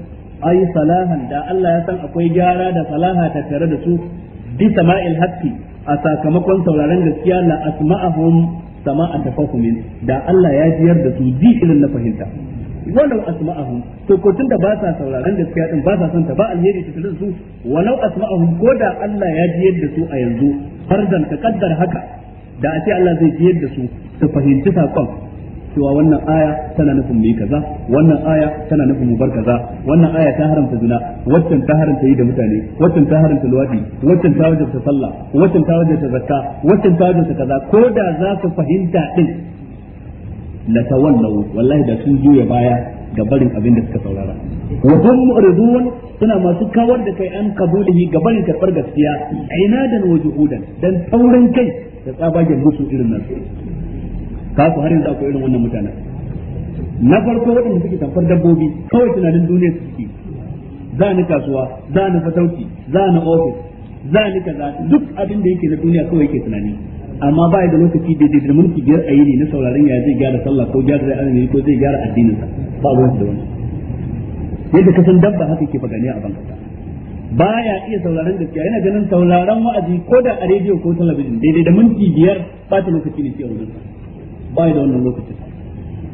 ai salahan da Allah ya san akwai gyara da salaha ta tare da su bi sama'il haqqi a sakamakon sauraron gaskiya la asma'ahum sama'a tafahumin da Allah ya jiyar da su ji irin na fahimta walau asma'ahum to ko tunda ba sa sauraron gaskiya din ba sa son ta ba alheri ta tare su walau asma'ahum ko da Allah ya ji yadda su a yanzu farzan ka kaddar haka da a ce Allah zai ji yadda su su fahimci sakon cewa wannan aya tana nufin mu yi kaza wannan aya tana nufin mu bar kaza wannan aya ta haramta zina waccan ta haramta yi da mutane waccan ta haramta luwadi waccan ta wajabta sallah waccan ta wajabta zakka waccan ta wajabta kaza ko da za ka fahimta din ta wannan wallahi da sun juya baya ga barin abin da suka saurara wa hum muridun suna masu kawar da kai an kabulihi ga barin karbar gaskiya ainadan wa juhudan dan taurin kai da tsabagen musu irin nan ka ku har yanzu akwai irin wannan mutanen na farko waɗanda suke tamfar dabbobi kawai tunanin duniya suke za ni kasuwa za ni fatauci za ni ofis za ni kaza duk abin da yake na duniya kawai yake tunani amma ba da lokaci da da mulki biyar a yi ne na sauraron ya zai gyara sallah ko gyara zai azumi ko zai gyara addinin sa ba ruwan da wani yadda ka san dabba haka ke fagani a banka baya iya sauraron gaskiya yana ganin sauraron wa'azi ko da a rediyo ko talabijin daidai da mulki biyar ba ta lokaci ne ke wurin ba da wannan lokacin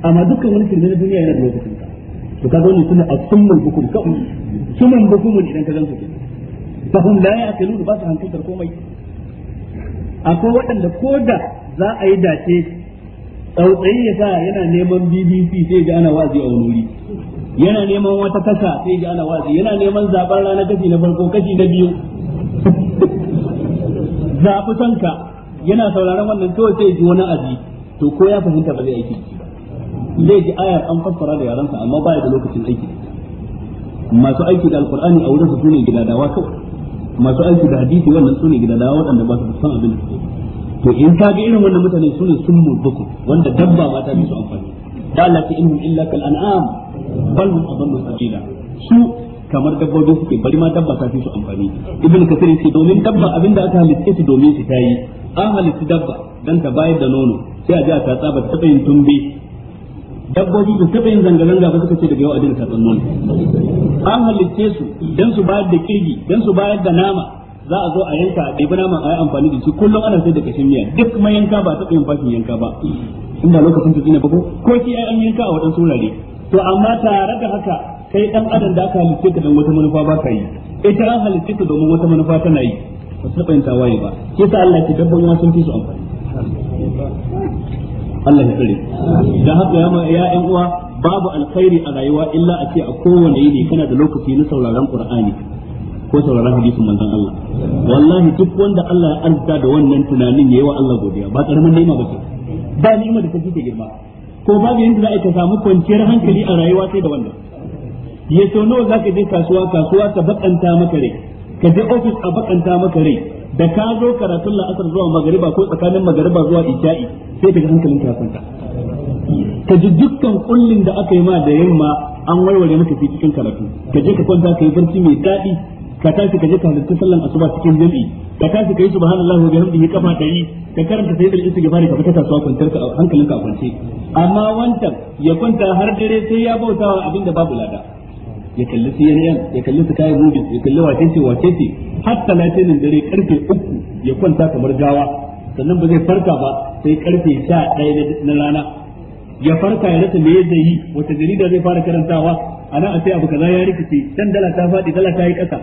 amma dukkan wani firmin duniya yana da lokacin ka to ka zo ne suna a summan hukum ka summan hukumun idan ka zan su ke fahim la ya akilu ba su hankaltar komai akwai waɗanda ko da za a yi dace tsautsayi ya sa yana neman bbc sai ga ana wazi a wani wuri yana neman wata kasa sai ga ana wazi yana neman zaɓar rana kashi na farko kashi na biyu zaɓi kanka yana sauraron wannan kawai sai ji wani aji to ko ya fahimta ba zai aiki zai ji ayar an fassara da yaransa amma baya da lokacin aiki masu aiki da alkur'ani a wurin su ne gidadawa kawai masu aiki da hadisi wannan sune gida da waɗanda ba su san abin da suke to in ka ga irin wannan mutane sune sun murduku wanda dabba ba ta su amfani da Allah ta inhum illa kal an'am bal hum adallu sabila su kamar dabbobi suke bari ma dabba ta su amfani ibn kasir yace domin dabba abinda aka halitta su domin su tayi an halitta dabba dan ta bayar da nono sai a ji a ta tsaba ta yin tumbi. dabbobi da taɓa yin zanga-zanga ba suka ce daga yau a dinga karɓar an halitte su dan su bayar da kirgi dan su bayar da nama za a zo a yanka a ɗebi nama a yi amfani da shi kullum ana sai da kashin miya duk mayanka ba taɓa yin fashin yanka ba inda lokacin da zina ba ko ko shi ai an yanka a waɗansu wurare to amma tare da haka kai dan adam da aka halitte ka dan wata manufa ba ka yi ita an halitte ka domin wata manufa tana yi ba su taɓa yin tawaye ba ke sa Allah ke dabbobi ma sun fi su amfani Allah ya tsare da haka ya ma ya ƴan uwa babu alkhairi a rayuwa illa a ce a kowane yini kana da lokaci na sauraron Qur'ani ko sauraron hadisin manzon Allah wallahi duk wanda Allah ya arzuta da wannan tunanin yayi wa Allah godiya ba karamin ma ba ce ba ni'ima da take girma ko babu yanda za a ka samu kwanciyar hankali a rayuwa sai da wannan ya so nawa zaka je kasuwa kasuwa ta bakanta maka rai ka je ofis a bakanta maka rai da ka zo karatun la'asar zuwa magariba ko tsakanin magariba zuwa isha'i sai daga hankalin ka kwanta ka ji dukkan kullin da aka yi ma da yamma an warware maka fi cikin karatu ka je ka kwanta ka yi barci mai daɗi ka tashi ka je ka halarci sallan asuba cikin jami'i ka tashi ka yi subhanallahi wa bihamdihi kafa ɗari ka karanta sai dal istighfari ka fita kasuwa kwantar ka hankalin ka kwance amma wancan ya kwanta har dare sai ya bautawa abinda babu lada ya kalli CNN ya kalli Sky Movies ya kalli wacece wacece har talatinin dare karfe uku ya kwanta kamar gawa sannan ba zai farka ba sai karfe sha ɗaya na rana ya farka ya rasa me zai yi wata jarida zai fara karantawa a nan a sai abu kaza ya rikice can dala ta faɗi dala ta yi ƙasa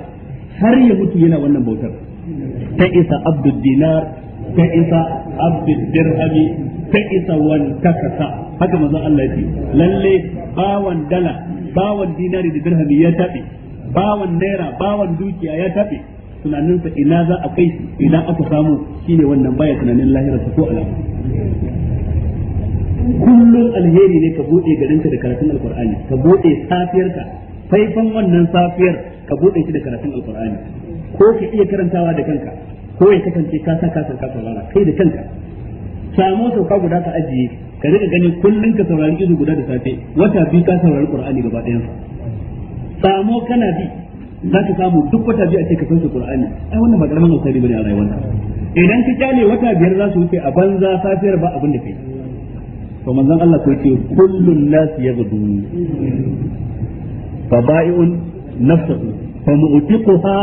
har ya mutu yana wannan bautar ta isa abdul dinar ta isa abdul dirhami ta isa wan takasa haka manzon Allah ya ce lalle bawan dala bawan dinari da dirhami ya tabe bawan naira bawan dukiya ya tabe sa ina za a kai ina aka samu shine wannan baya tunanin lahira ko alama kullum alheri ne ka bude garinka da karatun alqur'ani ka bude safiyarka faifan wannan safiyar ka bude shi da karatun alqur'ani ko ka iya karantawa da kanka ko ya kasance ka saka ka saurara kai da kanka samu sauka guda ka ajiye ka rika ganin kullum ka saurari izu guda da safe wata biyu ka saurari qur'ani gaba ɗayan sa samo kana bi za ka samu duk wata biyu a ce ka san su qur'ani ai wannan ba karaman alkhairi bane a ka idan ka kyale wata biyar za su wuce a banza safiyar ba abin da kai to manzon Allah ko ce kullun nas yaghdu fa ba'i'un nafsuhu fa mu'tiquha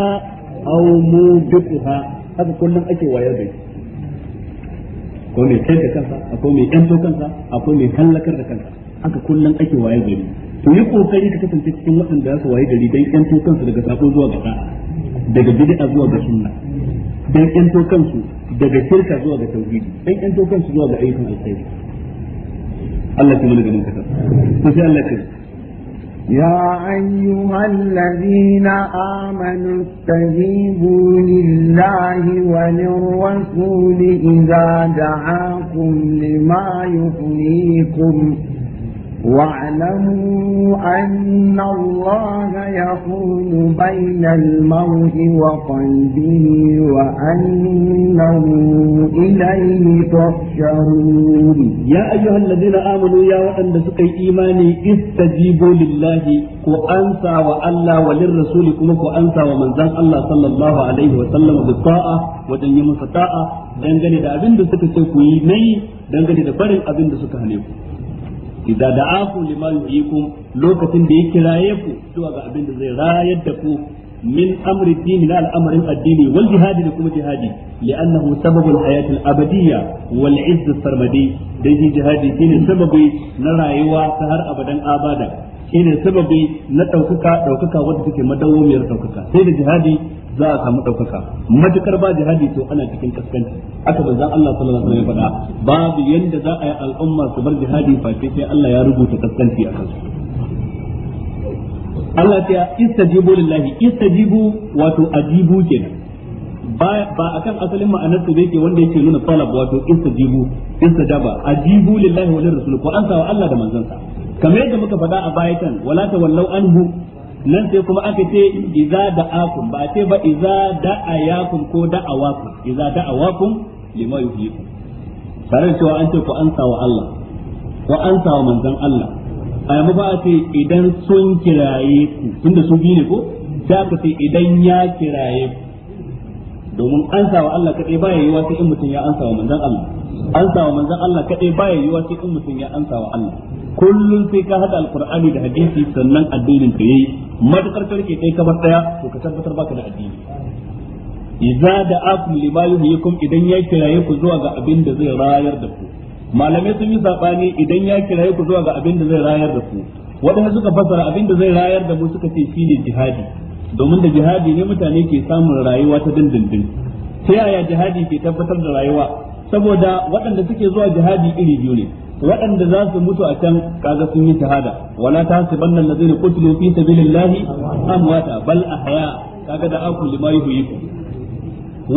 aw mu'tiquha haka kullun ake wayar da shi akwai mai kai da kansa akwai mai yanto kansa akwai mai kallakar da kansa haka kullum ake waye gari to yi kokari ka kasance cikin waɗanda za su waye gari dan yanto kansu daga sako zuwa ga sa'a daga bid'a zuwa ga sunna dan yanto kansu daga shirka zuwa ga tauhidi dan yanto kansu zuwa ga ayyukan alkhairi Allah ya mana ganin kasa to sai Allah ya يا أيها الذين آمنوا
استجيبوا لله وللرسول إذا دعاكم لما يحييكم واعلموا أن الله يحول بين الموت وقلبه وأنه إليه
تحشرون يا أيها الذين آمنوا يا وأن بسقي إيماني استجيبوا لله وأنسى وألا وللرسول كمك وأنسى ومن زن الله صلى الله عليه وسلم بالطاعة wajen yi masa ta'a dangane da abin da suka ce ku yi nayi dangane da barin abin da suka hane ku idza da'aku lima yu'ikum lokacin da ya kiraye ku zuwa ga abin da zai rayar da ku min amri dini na al'amarin addini wal jihadi da kuma jihadi li'annahu sababul hayatil abadiyya wal izz sarmadi dan jihadi shine sababi na rayuwa ta har abadan abada shine sababi na daukaka daukaka wanda take madawwamiyar daukaka sai da jihadi za a samu ɗaukaka matukar ba jihadi to ana cikin kaskanci aka bazan Allah sallallahu alaihi wasallam ya faɗa babu yanda za a yi al'umma su bar jihadi face sai Allah ya rubuta kaskanci a kansu Allah ta istajibu lillahi istajibu wato ajibu kenan ba akan asalin ma'anar su zai ke wanda yake nuna talab wato istajibu istajaba ajibu lillahi wa lirrasul ko an sawa Allah da manzansa kamar yadda muka faɗa a baya kan wala tawallau anhu nan sai kuma aka ce iza da akun ba a ce ba iza da ayakun ko da awakun iza da awakun lima yuhyikum tare da cewa an ce ku an sawa Allah ko an sawa manzan Allah a yamma ba a ce idan sun kiraye ku tunda su biyu ne ko da ka ce idan ya kiraye ku domin an sawa Allah kaɗai ba ya yi wasu in mutum ya an sawa manzan Allah an sawa manzon Allah kadai baya yiwa sai in mutum ya an sawa Allah kullun sai ka hada alqur'ani da hadisi sannan addinin ka yayi matakar karke kai kamar daya to ka tabbatar baka da addini idza da'akum lima yuhyikum idan ya kiraye ku zuwa ga abin da zai rayar da ku malamai sun yi sabani idan ya kiraye ku zuwa ga abin da zai rayar da ku wadanda suka fassara abin da zai rayar da mu suka ce shine jihadi domin da jihadi ne mutane ke samun rayuwa ta dindindin sai aya jihadi ke tabbatar da rayuwa saboda waɗanda suke zuwa jihadi iri biyu ne waɗanda za su mutu a can kaga sun yi shahada wala tahsibanna allazina qutilu fi sabilillahi amwata bal ahya kaga da akul lima yuhyikum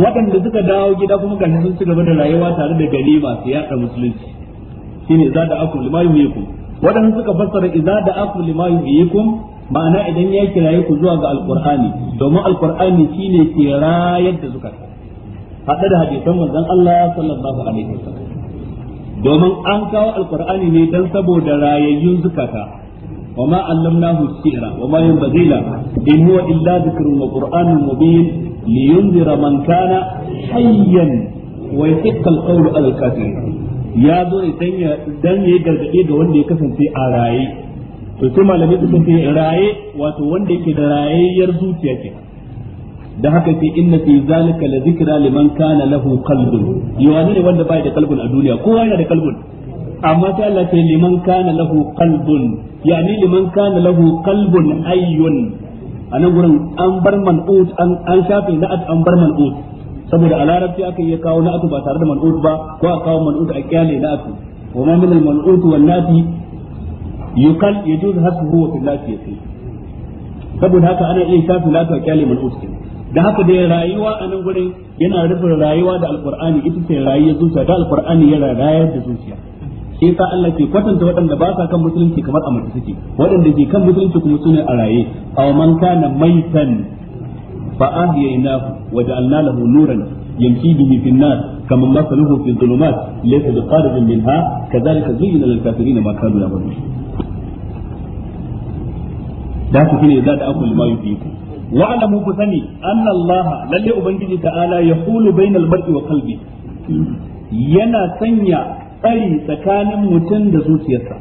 waɗanda suka dawo gida kuma gashi sun ci gaba da rayuwa tare da ganima su yaɗa musulunci shine za da akul lima yuhyikum waɗanda suka fassara idza da akul lima yuhyikum ma'ana idan ya kiraye ku zuwa ga alqur'ani domin alqur'ani shine ke rayar da zukata Haɗe da hadisan manzon Allah sallallahu alaihi wasallam domin an kawo alqur'ani ne dan saboda rayayyun zukata وما علمناه الشعر وما ينبغي له إن هو إلا ذكر وقرآن مبين لينذر من كان حيا ويحق القول على الكافرين ya zo idan ya dan ya gargaɗe ga wanda ya kasance a raye to su malamai suka ce raye wato wanda yake da rayayyar zuciya ke da haka ce inna fi zalika la zikra liman kana lahu qalbun yawani ne wanda bai da kalbun a duniya kowa yana da kalbun? amma sai Allah ce liman kana lahu qalbun yani liman kana lahu qalbun ayyun anan gurin an bar man'ut an an shafe na'at an bar man'ut saboda a larabci aka iya kawo na'at ba tare da man'ut ba ko a kawo man'ut a kyale na'at wa ma min al-man'ut wan nafi yuqal yajuz hasbuhu fi lafiyati saboda haka ana iya shafe na'at a kyale man'ut da haka dai rayuwa a nan gurin yana rufin rayuwa da alkur'ani ita ce rayuwar zuciya da alkur'ani yana rayar da zuciya shi yasa Allah ke kwatanta waɗanda ba sa kan musulunci kamar a mace suke waɗanda ke kan musulunci kuma sune a raye aw man kana maitan fa ahyaynahu wa ja'alna lahu nuran yamshi bihi fi an-nas kama masaluhu fi dhulumat laysa biqaridin minha kadhalika zuyyina lil kafirin ma kanu ya'malun da haka ne za akul ma yufiku wa'lamu ku sani anna allaha lalle ubangiji ta'ala yaqulu bainal mar'i wa qalbi yana sanya tsari tsakanin mutum da zuciyarsa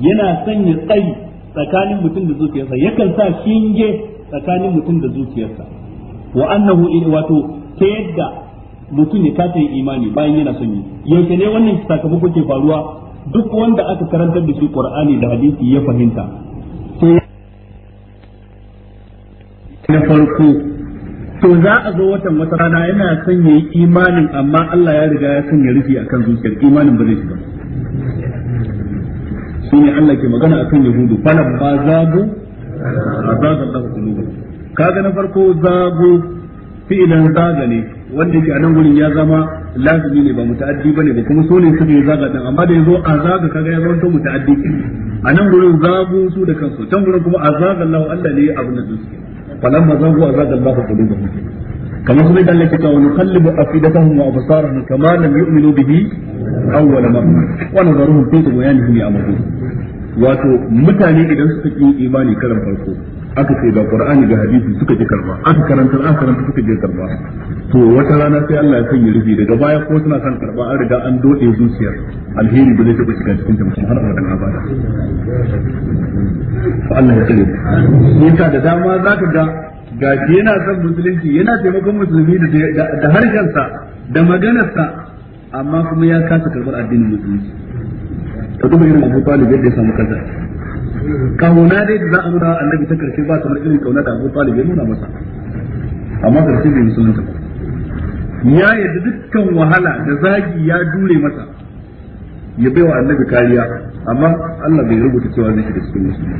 yana sanya tsari tsakanin mutum da zuciyarsa yakan sa shinge tsakanin mutum da zuciyarsa wa annahu wato ta yadda mutum ya kace imani bayan yana son yi ne wannan sakamako ke faruwa duk wanda aka karantar da shi qur'ani da hadisi ya fahimta na farko to za a zo watan wata rana yana son ya yi imanin amma Allah ya riga ya sanya rufi akan zuciyar imanin ba zai shiga shi ne Allah ke magana akan yahudu falan ba a azaga Allah kulubu kaga na farko zago fi'ilan zaga ne wanda ke a nan gurin ya zama lazimi ne ba muta'addi bane ba kuma sune suka yi zaga din amma da yazo a zaga kaga ya zanto muta'addi a nan gurin zagu su da kansu can gurin kuma a zaga Allah Allah ne abin da suke falan ma zagu a zaga Allah qulubahum kamar kuma da Allah ya kawo nuqallibu afidatahum wa absarahum kama lam yu'minu bihi awwal wa fi wato mutane idan suka ƙi imani karan farko aka ce ga qur'ani ga hadisi suka ji karba aka karanta aka karanta suka ji karba to wata rana sai Allah ya sanya rufi daga baya ko suna son karba an riga an dode zuciyar alheri ba zai taɓa shiga cikin ta mutum har abadan abada Allah ya tsare ta da dama za ka ga gashi yana son musulunci yana taimakon musulmi da sa da maganarsa amma kuma ya kasa karbar addinin musulunci ta duba irin abu talib yadda ya samu kanta kauna dai da za a nuna annabi ta karshe ba kamar irin kauna da abu talib ya nuna masa amma karshe bai musulunta ba ya yadda dukkan wahala da zagi ya dure masa ya bai wa annabi kariya amma Allah bai rubuta cewa zai shiga cikin musulmi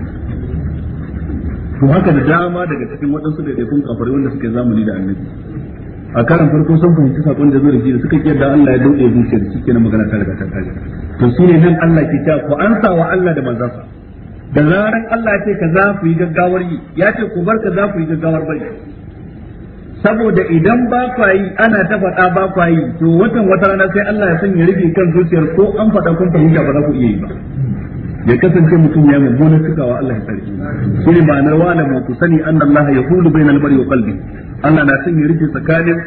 to haka da dama daga cikin waɗansu da kun kafari wanda suke zamani da annabi a karan farko sun fahimci saƙon da zo da suka kiyar da Allah ya dauke da cikin magana ta daga ta to shine nan Allah ke ta ku ansa wa Allah da manzansa da zaran Allah ya ce ka za ku yi gaggawar yi ya ce ku bar ka za ku yi gaggawar bari saboda idan ba ku yi ana ta faɗa ba ku yi to watan wata rana sai Allah ya sanya rufe kan zuciyar ko an faɗa kun fahimta ba za ku iya yi ba ya kasance mutum ya mummuna cikawa Allah ya sarki shi ne ma'anar mu ku sani anna Allah ya hudu bainal bari wa qalbi Allah na sanya rufe tsakanin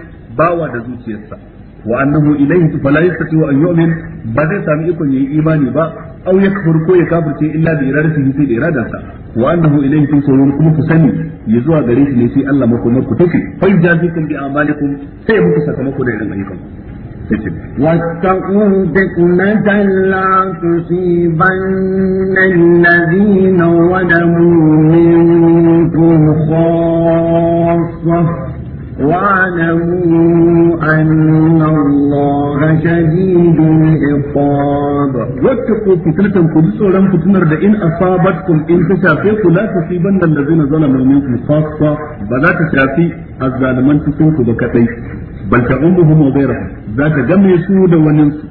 bawa da zuciyarsa wa annahu ilayhi fala yastati an yu'min ba zai sami ikon yayi imani ba aw yakfur ko ya kafirce illa bi iradatihi sai da iradarsa wa annahu ilayhi tusurun kuma ku sani ya zuwa gare shi ne sai Allah makomar ku tafi fa sai muku sakamako da irin ayyukan واتقوا
فتنة لا تصيبن الذين ظلموا منكم خاصة واعلموا أن الله شديد
العقاب واتقوا فتنة كبسوا لم فتنة إن أصابتكم إن تشافيكم لا تصيبن الذين ظلموا منكم خاصة بلا تشافي الظالمان تكونوا بكتين بل تغمهم وغيرهم ذات جمع سود وننسوا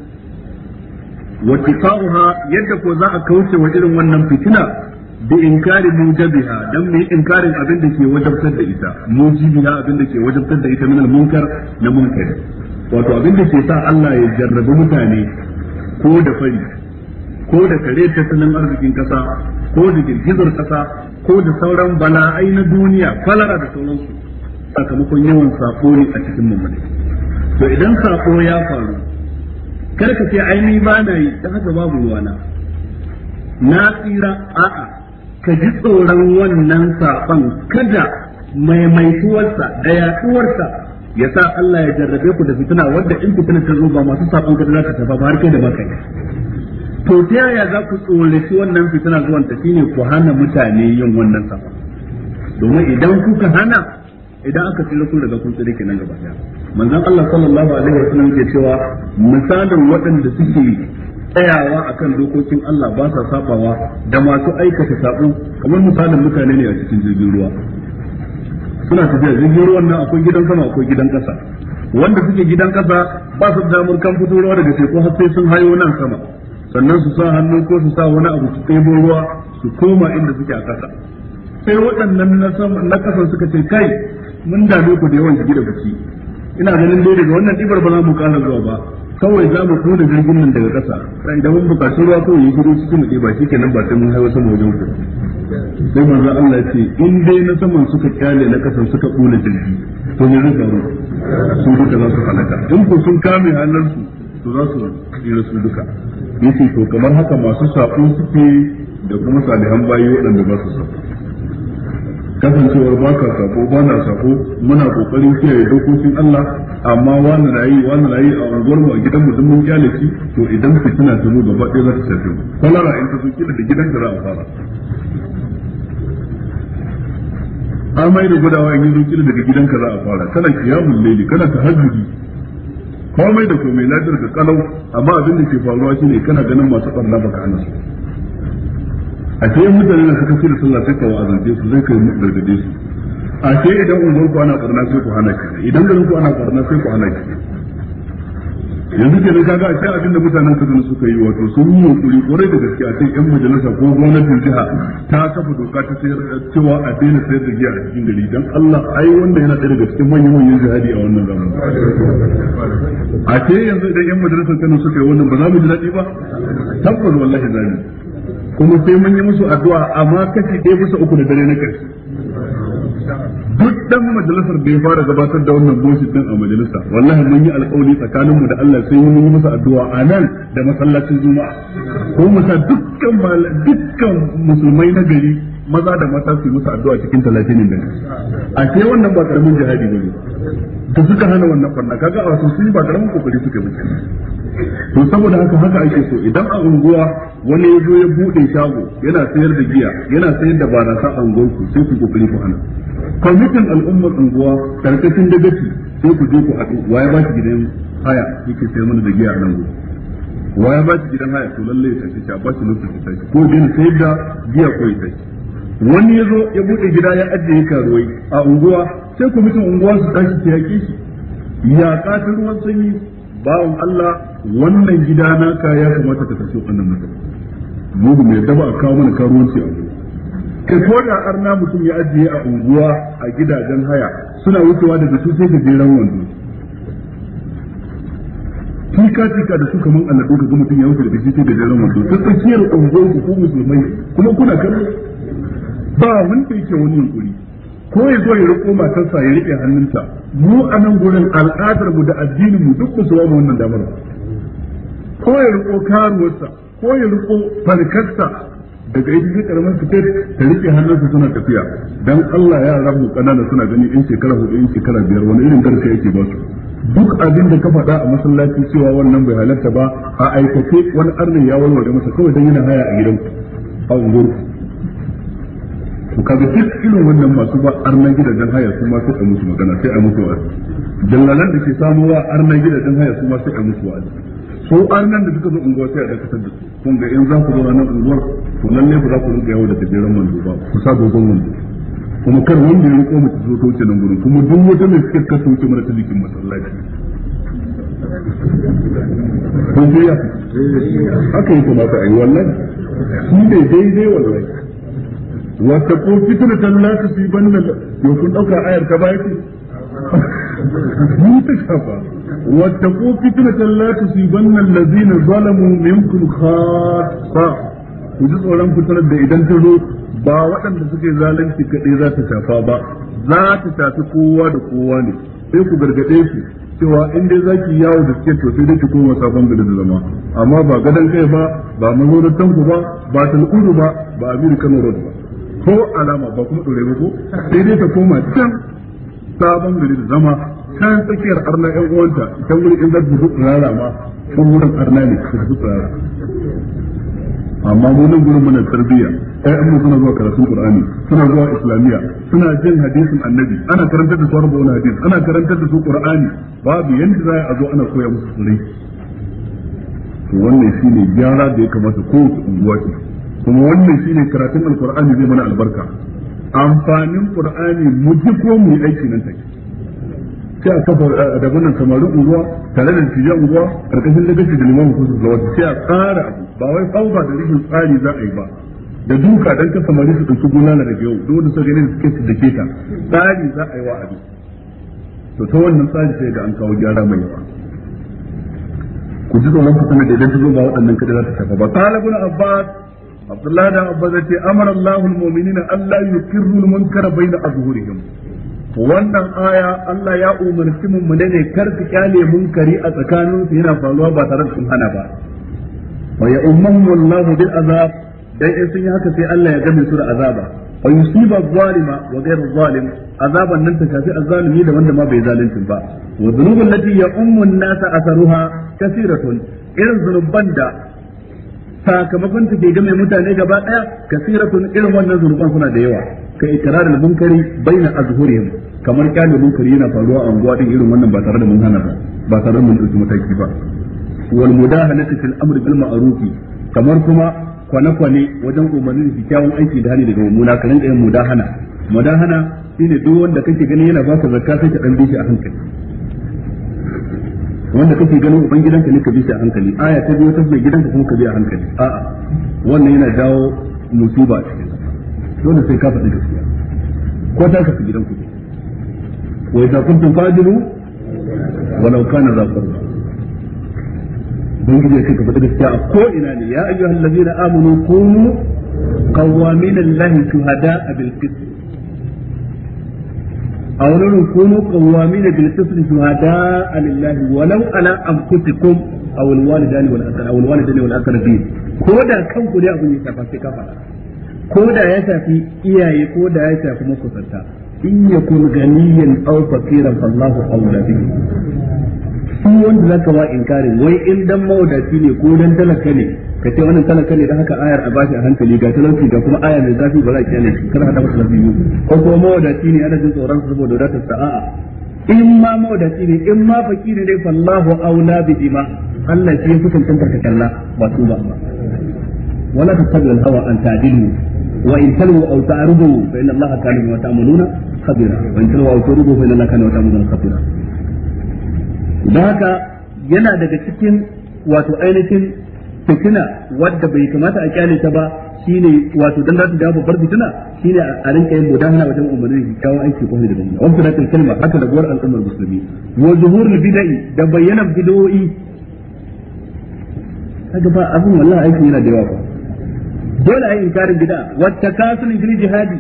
واتقاؤها يدك وزاء كوسي وإذن ونم فتنة bi inkari mujabiha dan mai inkarin abin da ke wajabtar da ita mujibiha abin da ke wajabtar da ita min al munkar na munkar wato abin da ke sa Allah ya jarrabi mutane ko da fari ko da kare tattalin arzikin kasa ko da girgizar kasa ko da sauran bala'ai na duniya kwalara da sauransu sakamakon yawan sako ne a cikin mummuni to idan sako ya faru kar ka ce ai ni ba na yi ta haka babu ruwana na tsira a'a ka ji tsoron wannan saƙon kada maimaituwarsa da yaɗuwarsa ya sa Allah ya jarrabe ku da fitina wadda in fitina ta zo ba masu saƙon kada za ka tafa ba har kai da ba kai to ta yaya za ku tsoraci wannan fitina zuwan ta shine ku hana mutane yin wannan saƙon domin idan kuka hana idan aka tsira kun daga kun tsirike nan gaba daya manzon Allah sallallahu alaihi wasallam ke cewa misalin waɗanda suke tsayawa akan dokokin Allah ba sa sabawa da masu aikata sabo kamar misalin mutane ne a cikin jirgin ruwa suna tafiya jirgin ruwan nan akwai gidan sama akwai gidan kasa wanda suke gidan kasa ba su damar kan fito ruwa daga teku har sai sun hayo nan sama sannan su sa hannu ko su sa wani abu su tsebo ruwa su koma inda suke a kasa sai waɗannan na kasan suka ce kai mun dame ku da yawan jiki da biki ina ganin dai daga wannan ɗibar ba za mu kara zuwa ba kawai za mu tura jirgin nan daga ƙasa sai da mun buƙaci ruwa kawai yi gudu cikin mu ba shi kenan ba sai mun haiwa sama wajen ku sai manzo Allah ya ce in dai na saman suka kyale na ƙasa suka kula jirgi to ne zai faru su duka za su halaka in ku sun kame halarsu to za su yi su duka yace to kamar haka masu sako suke da kuma salihan bayi waɗanda ba su sako kasancewar ba ka sako ba na sako muna kokarin kiyaye dokokin Allah amma wani na yi wani na yi a unguwar mu a gidan mu mun kyale shi to idan su tana tuno gaba ɗaya za ta tafi kwalara in ta so kila da gidan ka za a fara mai da gudawa in yi zo kila daga gidan ka za a fara kana kiyamun laili kana tahajjudi komai da komai lafiyar ka kalau amma abin da ke faruwa shine kana ganin masu ɓarna baka hana su a ce mutane na suka da sallah sai ka wa'azance su zai kai gargade su a ce idan unguwar ku ana barna sai ku hana ki idan garin ku ana barna sai ku hana ki yanzu ke nan kaga a ce abinda mutanen Kaduna suka yi wato sun yi yunkuri kwarai da gaske a ce yan majalisa ko gwamnatin jiha ta kafa doka ta sayar cewa a daina sayar da giya a cikin gari dan Allah ai wanda yana ɗaya daga cikin manyan manyan jihadi a wannan zamanin a ce yanzu idan yan majalisar Kano suka yi wannan ba za mu ji daɗi ba tabbas wallahi zamu kuma sai mun yi musu addu'a amma kashi ɗaya bisa uku da dare na ƙarshe duk dan majalisar da fara gabatar da wannan goshi din a majalisa wallahi mun yi alƙawari tsakanin mu da Allah sai mun yi musu addu'a a nan da masallacin juma'a ko mu sa dukkan dukkan musulmai na gari maza da mata su yi musu addu'a cikin talatin
da
a ce wannan ba karamin jihadi ne da suka hana wannan farna kaga a wasu sun ba karamin kokari suka yi to saboda haka haka ake so idan a unguwa wani ya zo ya bude shago yana sayar da giya yana sayar da barasa a unguwarku sai ku kokari ku hana kwamitin al'ummar unguwa karkashin dagaci sai ku je ku haɗu waye ba shi gidan haya yake sayar mana da giya a nan gobe waya ba shi gidan haya to lalle ya tashi ta ba shi lokaci ta ko din sai da giya ko ya tashi wani ya zo ya bude gida ya ajiye karuwai a unguwa sai kwamitin unguwa su tashi ki yaƙe shi ya katin ruwan sanyi bawan Allah wannan gida na ka ya kamata ka tafi wannan matsala mugu mai daba a kawo mana karuwanci a unguwa kai ko da arna mutum ya ajiye a unguwa a gidajen haya suna wucewa daga su sai gajeren wando tika tika da su kaman Allah ka ga mutum ya wuce daga shi sai gajeren wando ta tsakiyar unguwar ku ku musulmai kuma kuna kallo ba wanda yake wani yunkuri ko ya zo ya riko matarsa ya rike hannunta mu a nan gurin al'adar mu da addinin mu duk su mu wannan damar ko ya riko karuwarsa ko ya riko farkarsa daga ita shi karamin su ta rike hannunsa suna tafiya dan Allah ya rabu kanana suna gani in shekara hudu in shekara biyar wani irin garka yake ba su duk abin da ka faɗa a masallaci cewa wannan bai halarta ba a aikace wani arnin ya warware masa kawai dan yana haya a gidan a unguwarku to kaga duk irin wannan masu ba arnan gidajen haya su ma sai a musu magana sai a musu wa'azi dalalan da ke samuwa arnan gidajen haya su ma sai a musu wa'azi so arnan da suka zo unguwa sai a dakatar da su kun ga in za ku zo nan unguwar to ne ku za ku rinka yawo da gajeren wando ba ku sa dogon wando kuma kar wanda ya riko mace zo ta wuce nan gurin kuma duk wata mai suke kasa wuce mara ta jikin masallaci kun biya haka yi kuma ka yi wannan? shi ne daidai wallahi ko ta lati su yi tusibanna yau kun ɗauka ayar ta baya ce ni ta fitina wa taqu ban la tusibanna allazina zalamu minkum kasa. ku ji tsoron fitnar da idan ta zo ba waɗanda suke zalunci kaɗai za ta shafa ba za ta shafi kowa da kowa ne sai ku gargaɗe su cewa in dai ki yawo da suke to sai dai ki koma sabon gari da zama amma ba gadon kai ba ba mazaunar tanku ba ba tal'udu ba ba abin kano road ba ko alama ba kuma dore ba ko sai dai ta koma can sabon gari da zama can tsakiyar arna yan uwanta can wurin in zai zuzu tsirara ma can wurin arna ne su zuzu tsirara amma mu nan gurin muna tarbiyya ai amma suna zuwa karatun qur'ani suna zuwa islamiyya suna jin hadisin annabi ana karantar da su arba'un hadis ana karantar da su qur'ani babu yanda za a zo ana koya musu surai to wannan shine gyara da ya kamata kowace unguwa ce kuma wannan shine karatun alqur'ani zai mana albarka amfanin qur'ani mu ji ko mu yi aiki nan take sai a kafa da wannan samarin unguwa tare da tijan unguwa karkashin lagashi da limamin kusa da sai a tsara ba wai fauba da rikin tsari za a yi ba da duka dan ka samari su dauki gulala da yau duk wanda suka gani da suke da dake tsari za a yi wa abin to ta wannan tsari sai da an kawo gyara mai yawa ku ji tsoron ku sanar da idan ta zo ba waɗannan kada za ta tafa ba talibul abbas Abdullahi dan Abbas ce amara Allahu almu'minina alla yukirru almunkara baina azhurihim wannan aya Allah ya umarci mu ne kar su kyale munkari a tsakanin su yana faruwa ba tare da sun hana ba wa ya ummuhum Allahu bil azab dai in sun yi haka sai Allah ya game su da azaba wa yusiba zalima wa ghayru zalim azaban nan ta kafi azzalimi da wanda ma bai zalincin ba wa dhunubul lati ya ummun nasa asaruha kasiratun irin zunuban da sakamakon ta ke ga mai mutane gaba ɗaya, daya kasiratun irin wannan zurfan suna da yawa ka ikrarin munkari baina azhurihim kamar kyale munkari yana faruwa a unguwa din irin wannan ba tare da mun ba ba tare da mun dauki mataki ba wal mudahanatu fil amri bil ma'ruf kamar kuma kwane-kwane wajen umarnin kyakkyawan aiki da hali daga mummuna ka rinka yin mudahana mudahana shine duk wanda kake gani yana baka zakka sai ka dan bi a hankali wanda kake ganin uban gidanka ne ka bi shi a hankali aya ta biyu ta mai gidanka kuma ka bi a hankali a'a wannan yana jawo musiba a cikin dole sai ka faɗi gaskiya ko ta ka gidan ku wa idza kuntum fadilu walau kana za qurba ubangiji ya ce ka faɗi gaskiya a ko ina ne ya ayyuhallazina amanu kunu qawwamin lillahi shuhada'a bil qist a wurin kunu qawwamina bil qist shuhada lillahi walau ala anfusikum aw al walidani wal aqrabin aw al walidani wal aqrabin ko da kanku dai abun ya shafa sai ka faɗa ko da ya shafi iyaye ko da ya shafi makusanta in yakun ganiyan aw faqiran fallahu shi wanda zaka ba inkarin wai in dan mawadaci ne ko dan talaka ne ka ce wannan talaka ne da haka ayar a bashi a hankali ga talauci ga kuma aya mai zafi ba za ki shi kana hada masa biyu ko kuma mawadaci ne ana jin tsoron saboda wadatar sa'a in ma mawadaci ne in ma fakiri ne fallahu aula bi ma Allah shi yake tantar ka kalla ba su ba wala tabbal hawa an ta'dilu wa in talu aw ta'rudu fa inna Allah kana wa ta'maluna khabira wa in talu aw ta'rudu fa inna Allah kana wa ta'maluna khabira don haka yana daga cikin wato ainihin fitina wadda bai kamata a kyale ta ba shine wato dan za ta babbar fitina shine a rinka yin hana wajen umarnin kawo aiki ko da bangare wannan suratul kalma haka da gwar al'ummar musulmi wa zuhurul bid'i da bayyana bid'o'i kaga ba abin wallahi aiki yana da yawa ba dole ayi inkarin bid'a wa takasul fil jihadi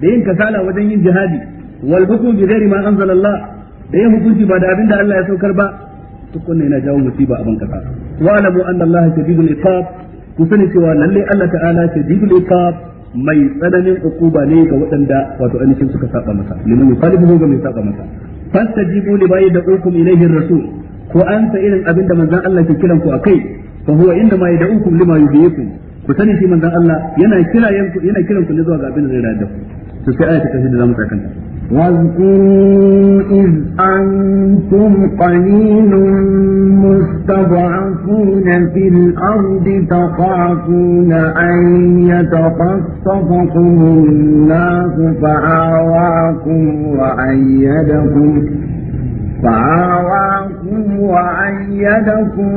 da yin kasala wajen yin jihadi wal hukm bi ghairi ma anzalallah da yin hukunci ba da abin da Allah ya saukar ba duk wannan yana jawo musiba a ban kasa wa alamu anna Allah shadidul iqab ku sani cewa lalle Allah ta'ala shadidul iqab mai tsananin ukuba ne ga waɗanda wato ainihin suka saba masa liman yukhalifu ga mai saba masa fastajibu li bai da ukum ilayhi rasul ko an sa irin abin da manzon Allah ke kiran ku akai fa huwa inda ma yad'ukum lima yuhyikum ku sani shi manzon Allah yana kira yanku yana kiran ku ne zuwa ga abin da zai rayar da ku to sai ayata ta hidda zamu tsakanta واذكروا إذ
أنتم قليل مستضعفون في الأرض تخافون أن يتقصفكم الناس فآواكم وأيدكم فآواكم وأيدكم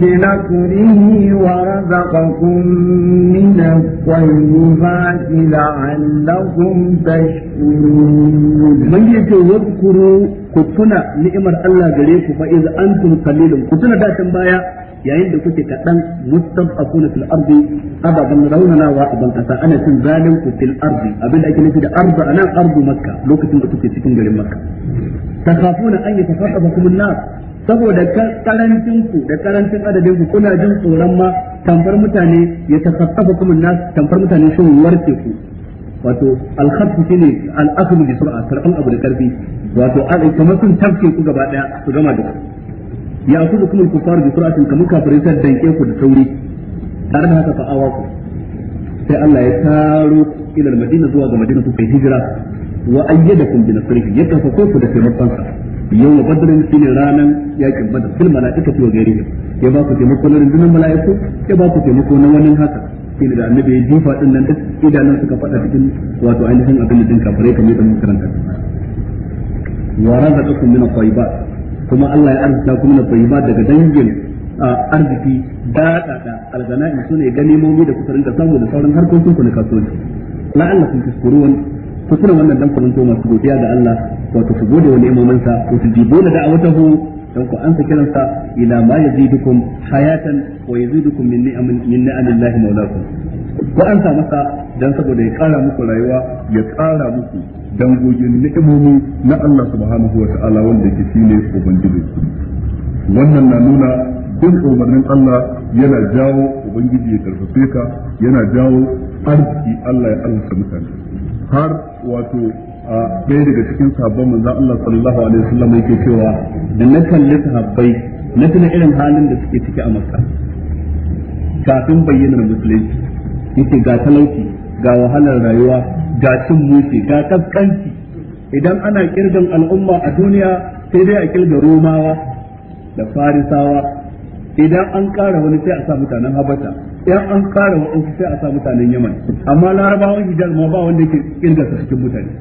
بنكره ورزقكم من الطيبات
لعلكم تشكرون من يتذكروا كتنا نعمة الله جريكم فإذا أنتم قليل كتنا ذات بايا yayin da kuke kaɗan mustab'afuna fil ardi ababan raunanawa ban bankasa ana cin zalin ku fil ardi abinda ake nufi da ardu anan ardu makka lokacin da kuke cikin garin makka takafuna an yatafaqqafakum an na saboda karancin ku da karancin adadin ku kuna jin tsoron ma tamfar mutane ya tafaqqafakum an-nar tamfar mutane sun warke ku wato al-khatf shine al-akhdhu bi sur'a karban abu da karfi wato kamar sun tafke ku gaba daya su gama da ku ya kudu kuma kufar bi suratin kamar kafirai ta ke ku da sauri tare da haka fa'awa ku sai Allah ya taro ila madina zuwa ga madina ku kai hijira wa ayyadakum bi nasrihi ya kafa ku da taimakon sa yau wa badarin shine ranan yakin badr fil malaikati wa ghairihi ya ba ku taimako na rundunar malaiku ya ba ku taimako na wani haka shine da annabi ya jifa din nan idanun suka fada cikin wato ainihin abin da din kafirai kamar da mun karanta wa razaqakum min at-tayyibat kuma Allah ya arzuta kuma na tayyiba daga dangin arziki dada da in sune ganimomi da kusurin da samu da sauran harkokin ku na kasuwanci la'allakum wani ku tuna wannan dan kuma to masu godiya ga Allah wato ku gode wa ne'imomin sa ku jibo da da'awatahu dan ku ansa kiransa ila ma yazidukum hayatan wa yazidukum min ni'amin min ni'amillahi maulakum ku sa masa dan saboda ya kara muku rayuwa ya kara muku dangogin ni'imomi na Allah subhanahu wa ta'ala wanda yake shine ubangiji wannan na nuna duk umarnin Allah yana jawo ubangiji ya karfafe ka yana jawo arziki Allah ya alƙa mutane har wato a ɗaya daga cikin sabon manzo Allah sallallahu alaihi wasallam yake cewa da na kalli sahabbai na tuna irin halin da suke ciki a Makka kafin bayyana musulunci yake ga talauci ga wahalar rayuwa ga cin mutu ga kaskanci idan ana kirgan al'umma a duniya sai dai a kirga romawa da farisawa idan an kara wani sai a sa mutanen habasha idan an kara wani sai a sa mutanen yaman amma larabawan hijar ma ba wanda yake kirga su cikin mutane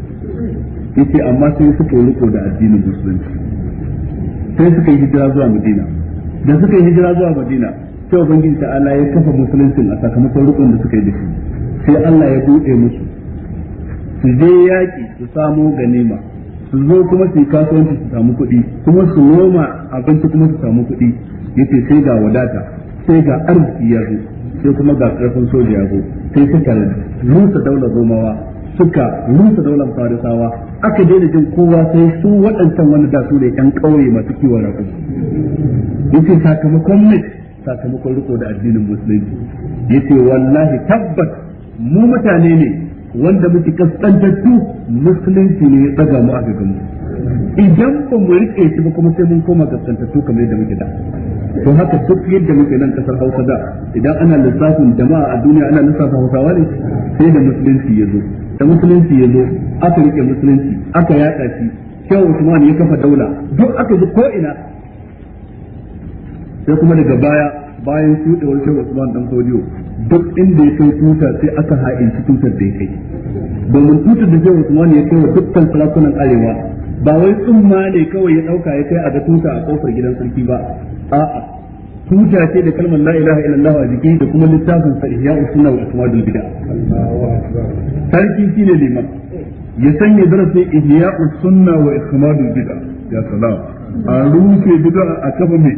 yake amma sai su yi riko da addinin musulunci sai suka yi hijira zuwa madina da suka yi hijira zuwa madina sai ubangiji ta'ala Allah ya kafa musuluncin a sakamakon rukun da suka yi da shi sai Allah ya buɗe musu su je yaƙi su samo ganima su zo kuma su yi kasuwanci su samu kuɗi kuma su noma abinci kuma su samu kuɗi yace sai ga wadata sai ga arziki ya zo sai kuma ga ƙarfin soja ya zo sai suka rusa daular romawa suka rusa daular farisawa aka daina jin kowa sai su waɗancan wani da su ne ƴan ƙauye masu kiwon ya yace sakamakon ne sakamakon riko da addinin musulunci yace wallahi tabbas mu mutane ne wanda muke kaskantattu musulunci ne ya tsaga mu a gaban idan ba mu rike shi ba kuma sai mun koma kaskantattu kamar yadda muke da to haka duk yadda muke nan kasar Hausa da idan ana lissafin jama'a a duniya ana lissafa Hausawa ne sai da musulunci ya zo da musulunci ya aka rike musulunci aka yaɗa shi kyau Usman ya kafa daula duk aka ji ko ina sai kuma daga baya bayan shuɗewar shehu Usman dan Kodiyo duk inda ya kai tuta sai aka su tutar da ya kai domin tutar da shehu Usman ya kai wa dukkan sarakunan arewa ba wai tsumma ne kawai ya ɗauka ya kai a ga tuta a kofar gidan sarki ba a'a tuta ce da kalmar la ilaha illallah a jiki da kuma littafin sa ihya usunna wa asmadul bid'a sarki shine liman ya sanya darasin ihya usunna wa asmadul bid'a ya salam a rufe bid'a a kafa mai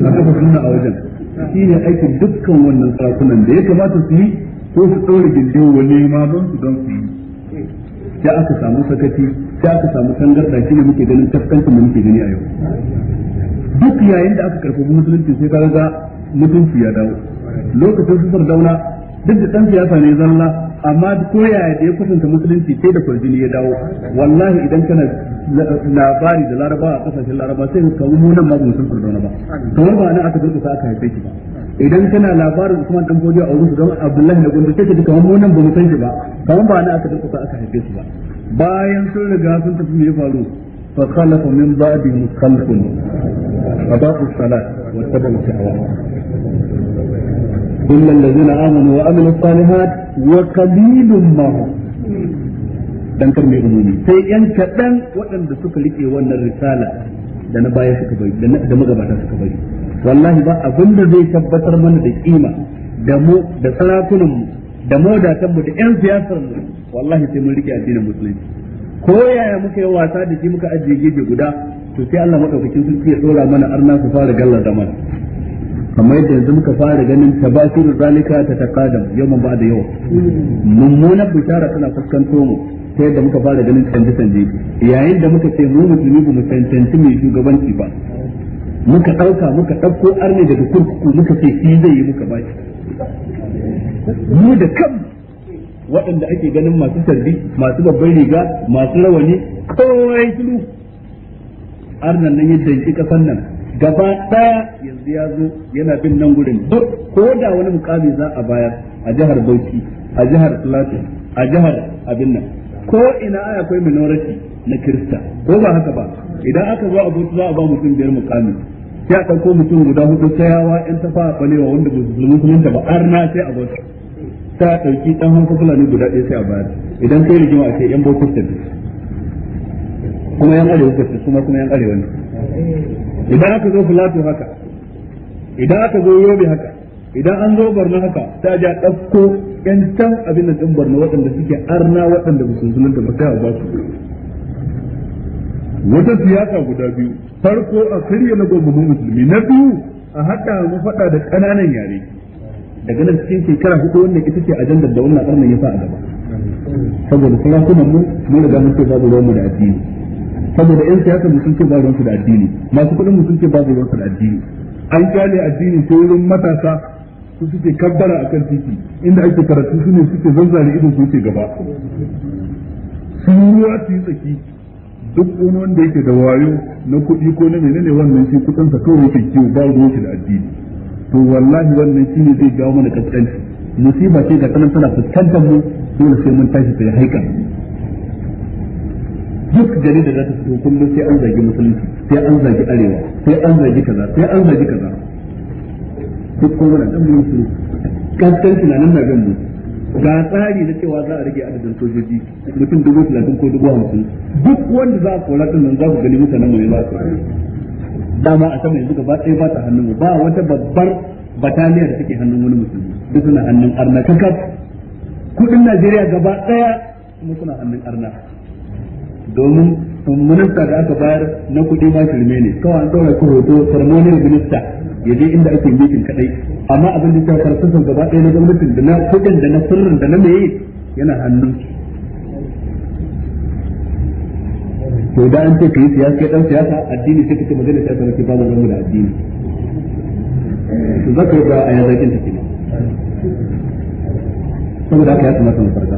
a kafa sunna a wajen shi ne aikin dukkan wannan sarakunan da ya kamata su yi ko su ɗaure gindin wani ma don su don su yi ya aka samu sakati ya aka samu tangarɗa shi ne muke ganin kaskancin da muke gani a yau duk yayin da aka karfi musulunci sai ka ga mutunci ya dawo lokacin sufar dauna duk da ɗan siyasa ne zalla amma ko yaya da ya kusanta musulunci sai da kwarjini ya dawo wallahi idan kana labari da laraba a kasashen laraba sai ka kawo munan ma musulun kurdauna ba kamar ba nan aka durkusa aka haife shi ba idan kana labarin Usman dan Bodiyo a wurin don Abdullahi na Gondo sai ka ji kamar munan ba mu san shi ba kamar ba nan aka durkusa aka haife shi ba bayan sun riga sun tafi me ya faru fa khalafa min ba'dihim khalqun adaa'u salat wa tabu shahawat إلا الذين آمنوا وعملوا الصالحات وقليل ما هم dan kar mai umumi sai yan kaɗan waɗanda suka rike wannan risala da na baya suka bari da magabata suka bari wallahi ba abin da zai tabbatar mana da kima da mu da sarakunan mu da modatan mu da yan siyasar mu wallahi sai mun rike addinin musulunci ko yaya muka yi wasa da shi muka ajiye gefe guda to sai Allah madaukakin sun fiye dora mana arna su fara gallar da mana kamar yadda yanzu muka fara ganin tabasirul zalika ta taqadam yau ba da yawa mummunan bishara tana fuskanto mu ta yadda muka fara ganin canje canje yayin da muka ce mu musulmi ba mu cancanci mai shugabanci ba muka ɗauka muka ɗauko arne daga kurkuku muka ce shi zai yi muka baki mu da kan waɗanda ake ganin masu sardi masu babbar riga masu rawani kawai shiru arnan nan yadda yake kasan nan gaba daya yanzu ya zo yana bin nan gurin duk ko da wani mukami za a baya a jihar Bauchi a jihar Plateau a jihar abin nan ko ina akwai minority na Kirista ko ba haka ba idan aka zo Abuja za a ba mutum biyar mukami sai a ɗauko mutum guda hudu ta yan tafa balewa wanda ba su ta ba arna sai a bauta sai a ɗauki ɗan hanka fulani guda ɗaya sai a bayar idan kai rigima a ce yan boko kuma yan arewa kuma kuma yan arewa ne idan aka zo filato haka idan aka zo yobe haka idan an zo barna haka ta ja ɗauko yan can abin da ɗin barna waɗanda suke arna waɗanda ba su ba ba su wata siyasa guda biyu farko a karya na gwamnatin musulmi na biyu a haɗa mu faɗa da ƙananan yare daga nan cikin shekara hudu wanda ita ce ajandar da wannan ƙarnin ya fa a gaba saboda kuma kuma mu mun riga mun ce babu ruwan mu da addini saboda yan siyasa mu sun ce ba da addini masu kuɗin mu sun ce ba ruwansu da addini an kyale addini ta wurin matasa su suke kabbara a kan titi inda ake karatu su ne suke zanzare ido su ke gaba sun ruwa su yi tsaki duk wani wanda yake da wayo na kuɗi ko na menene wannan shi kuɗinsa kawai yake kiwo ba ruwansu da addini to wallahi wannan shi ne zai jawo mana kaskanci musiba ce ga kanan tana fuskantar mu dole sai mun tashi ta yi haika duk gari da za ta fito kullum sai an zagi musulunci sai an zagi arewa sai an zagi kaza sai an zagi kaza duk kuma na dan musu kaskan tunanin na gan mu ga tsari na cewa za a rage adadin sojoji mutum dubu talatin ko dubu hamsin duk wanda za a kora din nan za ku gani mutanen mu ne ba su dama a sama yanzu gaba ɗaya ba ta hannun mu ba wata babbar bataliyar da take hannun wani musulmi duk suna hannun arna kakaf kudin Najeriya gaba ɗaya mu suna hannun arna domin minista da aka bayar na kuɗi ma shirme ne kawai an ɗaura ku hoto ceremonial minista ya je inda ake mitin kadai amma abin da ta farfasa gaba ɗaya na gwamnatin da na kuɗin da na sirrin da na meye yana hannun to da an ce ka yi siyasa kai dan siyasa addini sai kace magana siyasa ke ba mu da addini to zaka ba a yanzu yazakin take saboda haka ya kamata mu farka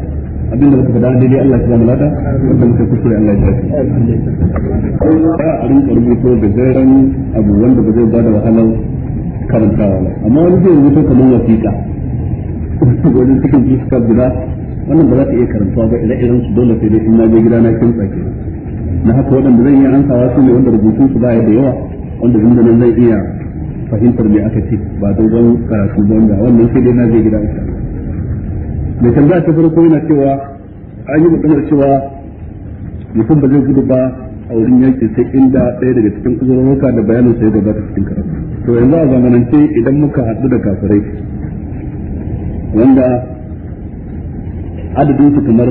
abin da muka faɗa daidai Allah ya samu lada wanda muka kuskure Allah ya tafi ba a rinka rubuto da zairan abu wanda ba zai bada wahalar karantawa ba amma wani zai rubuto kamar wasiƙa wajen cikin fuska guda wannan ba za ta iya karantawa ba idan irin su dole sai dai in na je gida na kimtsa ke na haka waɗanda zan iya ansawa su ne wanda rubutun su baya da yawa wanda inda nan zan iya fahimtar me aka ce ba don karatu ba wanda wannan sai dai na je gida insha mai tambaya ta farko yana cewa an yi maganar cewa mutum ba zai gudu ba a wurin yankin sai inda ɗaya daga cikin muka da bayanin sai gaba ta cikin karatu to yanzu a zamanance idan muka haɗu da kafirai wanda adadinsu kamar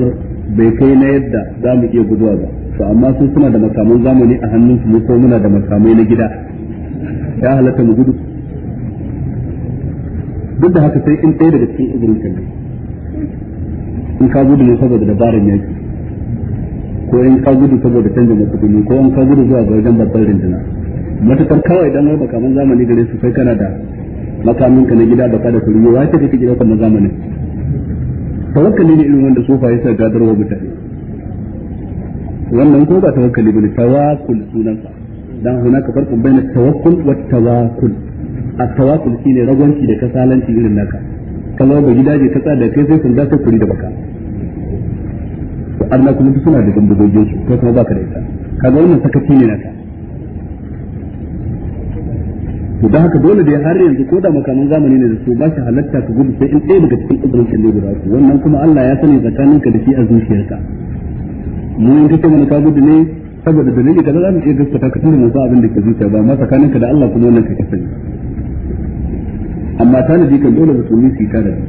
bai kai na yadda za mu iya guduwa ba to amma sun suna da makaman zamani a hannun su ko muna da makamai na gida ya halatta mu gudu duk da haka sai in ɗaya daga cikin uzurrukan ne in ka gudu ne saboda dabarar yaki ko in ka gudu saboda canjin matsuguni ko in ka gudu zuwa ga wajen babban rinduna matukar kawai dan wai makaman zamani gare su sai kana da makamin ka na gida baka da kuriyo wai ta kake gida kamar zamanin tawakkali ne irin wanda sofa ya sa gadarwa mutane wannan ko ba tawakkali bane tawakkul sunansa dan hunaka farkon baina tawakkul wa tawakkul tawakul tawakkul shine ragwanci da kasalanci irin naka kamar ba gida gidaje ka tsada kai sai sun da sai kuri da baka to arna kuma duk suna da bindigogin su kai kuma baka da ita kaga wannan sakaci ne naka to dan haka dole dai har yanzu ko da makaman zamani ne da su ba shi halatta ka gudu sai in ɗaya daga cikin ƙudurin kalle guda ku wannan kuma Allah ya sani tsakaninka da shi a zuciyarka mu in kace mana ka gudu ne saboda dalili kaza za mu iya gaskata ka tunda mun san abin da ke zuciya ba amma tsakaninka da Allah kuma wannan ka sani amma tanadi kan dole musulmi su yi tanadi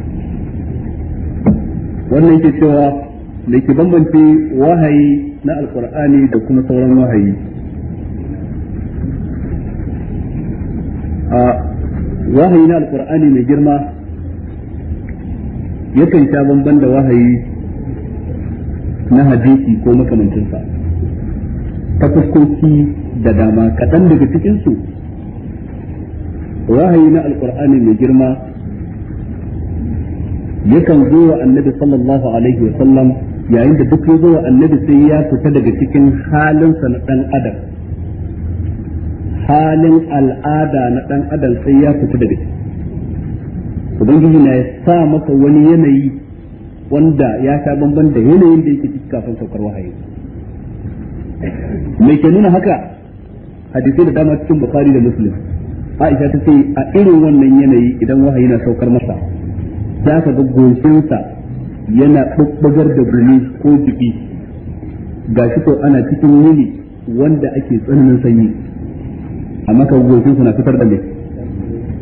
wannan yake cewa da ke bambance wahayi na alkur'ani da kuma sauran wahayi a wahayi na alkur'ani mai girma yakan sha bamban da wahayi na hadisi ko makamancinsa ta fuskoki da dama kaɗan daga cikinsu wahayi na alkur'ani mai girma yakan zo wa annabi sallallahu alaihi wa sallam yayin da duk ya zo wa annabi sai ya fita daga cikin halinsa na dan adam halin al'ada na dan adam sai ya fita daga ciki ubangiji na ya sa maka wani yanayi wanda ya ta bamban da yanayin da yake ciki kafin saukar wahayi mai ke nuna haka hadisi da dama cikin bukari da muslim aisha ta ce a irin wannan yanayi idan wahayi na saukar masa za ka ga goshinsa yana bubbugar da birni ko jibi shi ko ana cikin wuni wanda ake tsananin sanyi amma kan goshin suna fitar da mai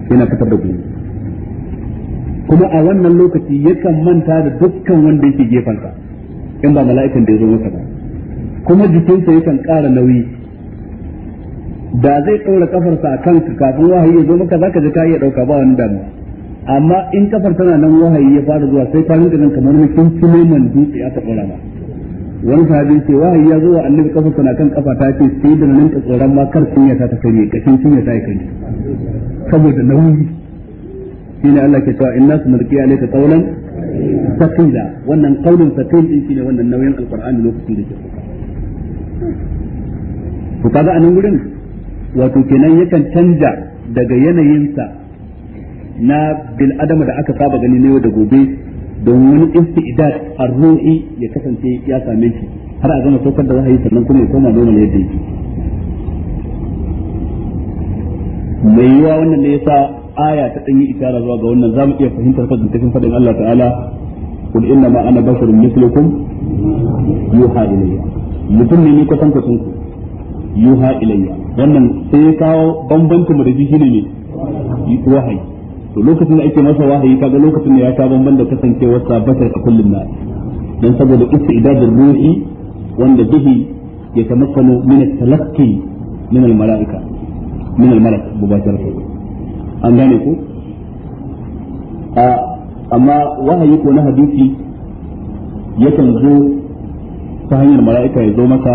yana fitar da gumi kuma a wannan lokaci yakan manta da dukkan wanda yake gefensa in ba mala'ikan da ya zo masa ba kuma jikinsa yakan ƙara nauyi da zai ɗaura kafarsa a kanka kafin wahayi ya zo maka zaka ji ka iya ɗauka ba wani damuwa amma in kafar tana nan wahayi ya fara zuwa sai farin da nan kamar kin cime man dutse ya taɓa rama wani sahabi ce wahayi ya zo wa annabi kafar tana kan kafa ta ce sai da nan tsoron ma kar sun ta ta kai ka kashin ya ta kai saboda nauyi shine Allah ke cewa inna a alayka qawlan thaqila wannan qawlun thaqil din shine wannan nauyin alqur'ani lokacin da ke to kaga anan gurin wato kenan yakan canja daga yanayinsa na bil adama da aka saba gani ne da gobe don wani istidad ru'i ya kasance ya same shi har a gama saukar da wahayi sannan kuma ya koma normal yadda yake mai yiwa wannan ne yasa aya ta danyi isara zuwa ga wannan zamu iya fahimtar fadin cikin fadin Allah ta'ala kul inna ma ana basharun mislukum yuha ilayya mutum ne ni kusan kusan ku yuha ilayya wannan sai ya kawo bambancin mu da shi ne wahayi to lokacin da ake masa wahayi kaga lokacin da ya ta bamban da kasancewar sa bashar kullum na dan saboda istidadul ruhi wanda bihi ya tamakkanu min at-talaqqi min al-mala'ika min al-malak mubashara an gane ku a amma wahayi ko na hadisi yakan zo ta hanyar mala'ika ya zo maka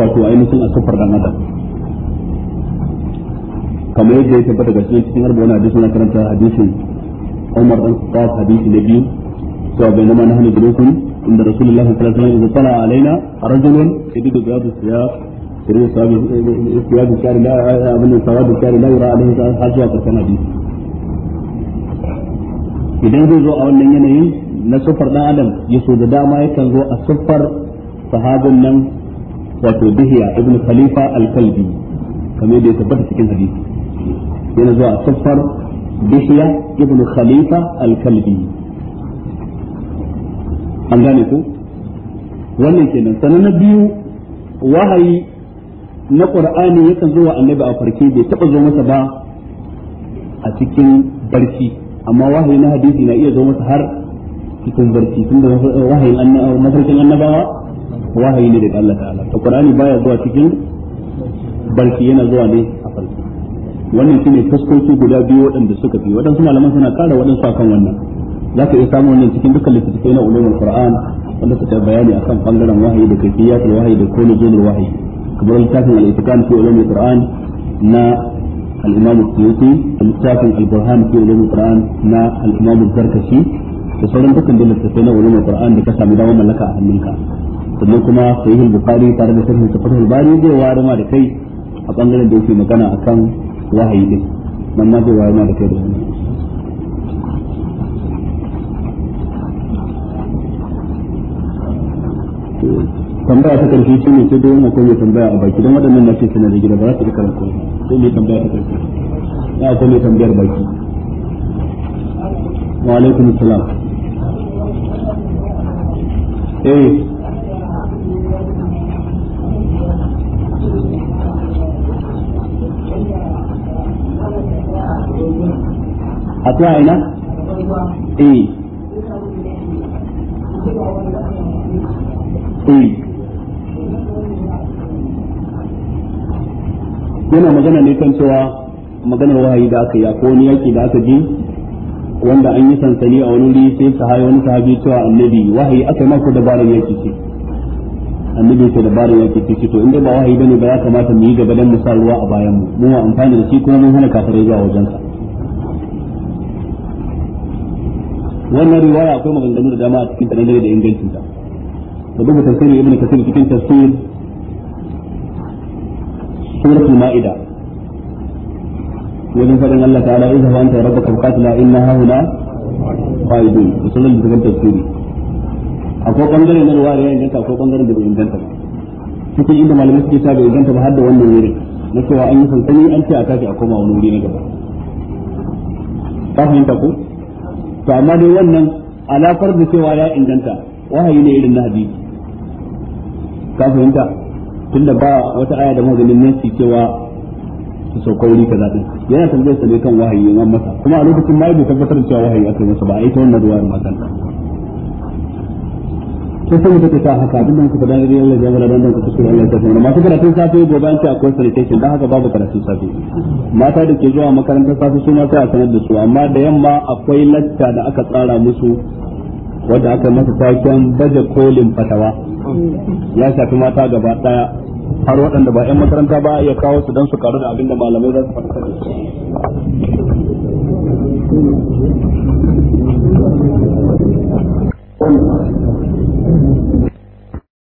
wato ainihin a sufar dan adam kamar yadda ya tabbata ga cikin harba wani hadisi na karanta hadisin Umar dan Khattab hadisi na biyu to bai nama na hanu gurukun inda Rasulullah sallallahu alaihi wasallam ya tsala alaina rajulun yadidu bi abu siyab yadidu sabi istiyadu kari la abin sawadu kari la yura alaihi har zuwa karshen hadisi idan zai zo a wannan yanayin na sufar dan adam ya so da dama yakan zo a sufar sahabin nan wato dihiya ibn khalifa al-kalbi kamar yadda ya tabbata cikin hadisi yana zuwa siffar bishiya ibn khalifa al-kalbi an gane ku wannan kenan sanan na biyu wahayi na qur'ani yakan zuwa annabi a farke bai taba zo masa ba a cikin barci amma wahayi na hadisi na iya zo masa har cikin barci tunda wahayin mafarkin annabawa wahayi ne daga Allah ta'ala to qur'ani baya zuwa cikin barci yana zuwa ne wannan shi ne fuskoki guda biyu waɗanda suka fi waɗansu malaman suna ƙara waɗansu akan wannan za ka iya samun wannan cikin dukkan littattafai na ulumul qur'an wanda suka bayani akan bangaren wahayi da kayfiyatul wahayi da kullu jinul wahayi kamar littafin al-itikan fi ulumul qur'an na al-imam al-suyuti littafin al-burhan fi ulumul qur'an na al-imam al-zarkashi da sauran dukkan littattafai na ulumul qur'an da ka sami dawo mallaka a hannunka sannan kuma sahih al-bukhari tare da sahih al-fath al-bari da warama da kai a bangaren da yake magana akan wahayi din nan ma zai wayo da kai da sunna tambaya ta karfi shi ne sai dai wannan ko tambaya a baki don waɗannan na ce suna da gida ba za su yi karanta sai mai tambaya ta karfi ya ko mai tambayar baki wa alaikum salam
eh a tuwa ina eh
eh yana magana ne kan cewa maganar wahayi da aka yi a wani yaki da aka ji wanda an yi sansani a wani wuri sai ta haye wani sahabi cewa annabi wahayi aka yi mako dabarar yaki ce annabi ce dabarar yaki ce to inda ba wahayi bane ba ya kamata mu yi gaba dan sa ruwa a bayan mu mu amfani da shi kuma mun hana kafirai zuwa wajen wannan riwaya akwai maganganu da dama a cikin ta dangane da ingancin ta duk duba sai ibnu kasir cikin tafsir al ma'ida wajen faɗin Allah ta'ala idza wa anta rabbuka qatla inna hauna qaidun sunan da cikin tafsiri akwai bangare na riwaya yayin da akwai bangaren da bai inganta ba cikin inda malamai suke sa bai inganta ba har da wannan wurin na cewa an yi sansani an ce a kafi a koma wani wuri na gaba ta fahimta ko to amma dai wannan alafar da cewa ya inganta wahayi ne irin na hadisi ka fahimta tunda ba wata aya da maganin nasi cewa su sauka wuri kaza din yana tambayar sa ne kan wahayi yan masa kuma a lokacin ma bai tabbatar da cewa wahayi aka masa ba a yi ta wannan ruwayar ma to sai ta haka da Allah ya mana dan Allah ya babu mata da ke zuwa makarantar su ma a sanar da su amma da yamma akwai latta da aka tsara musu wanda aka masa taken kolin fatawa ya shafi mata gaba daya har waɗanda ba 'yan makaranta ba ya kawo su don su karu da abin malamai za su fata da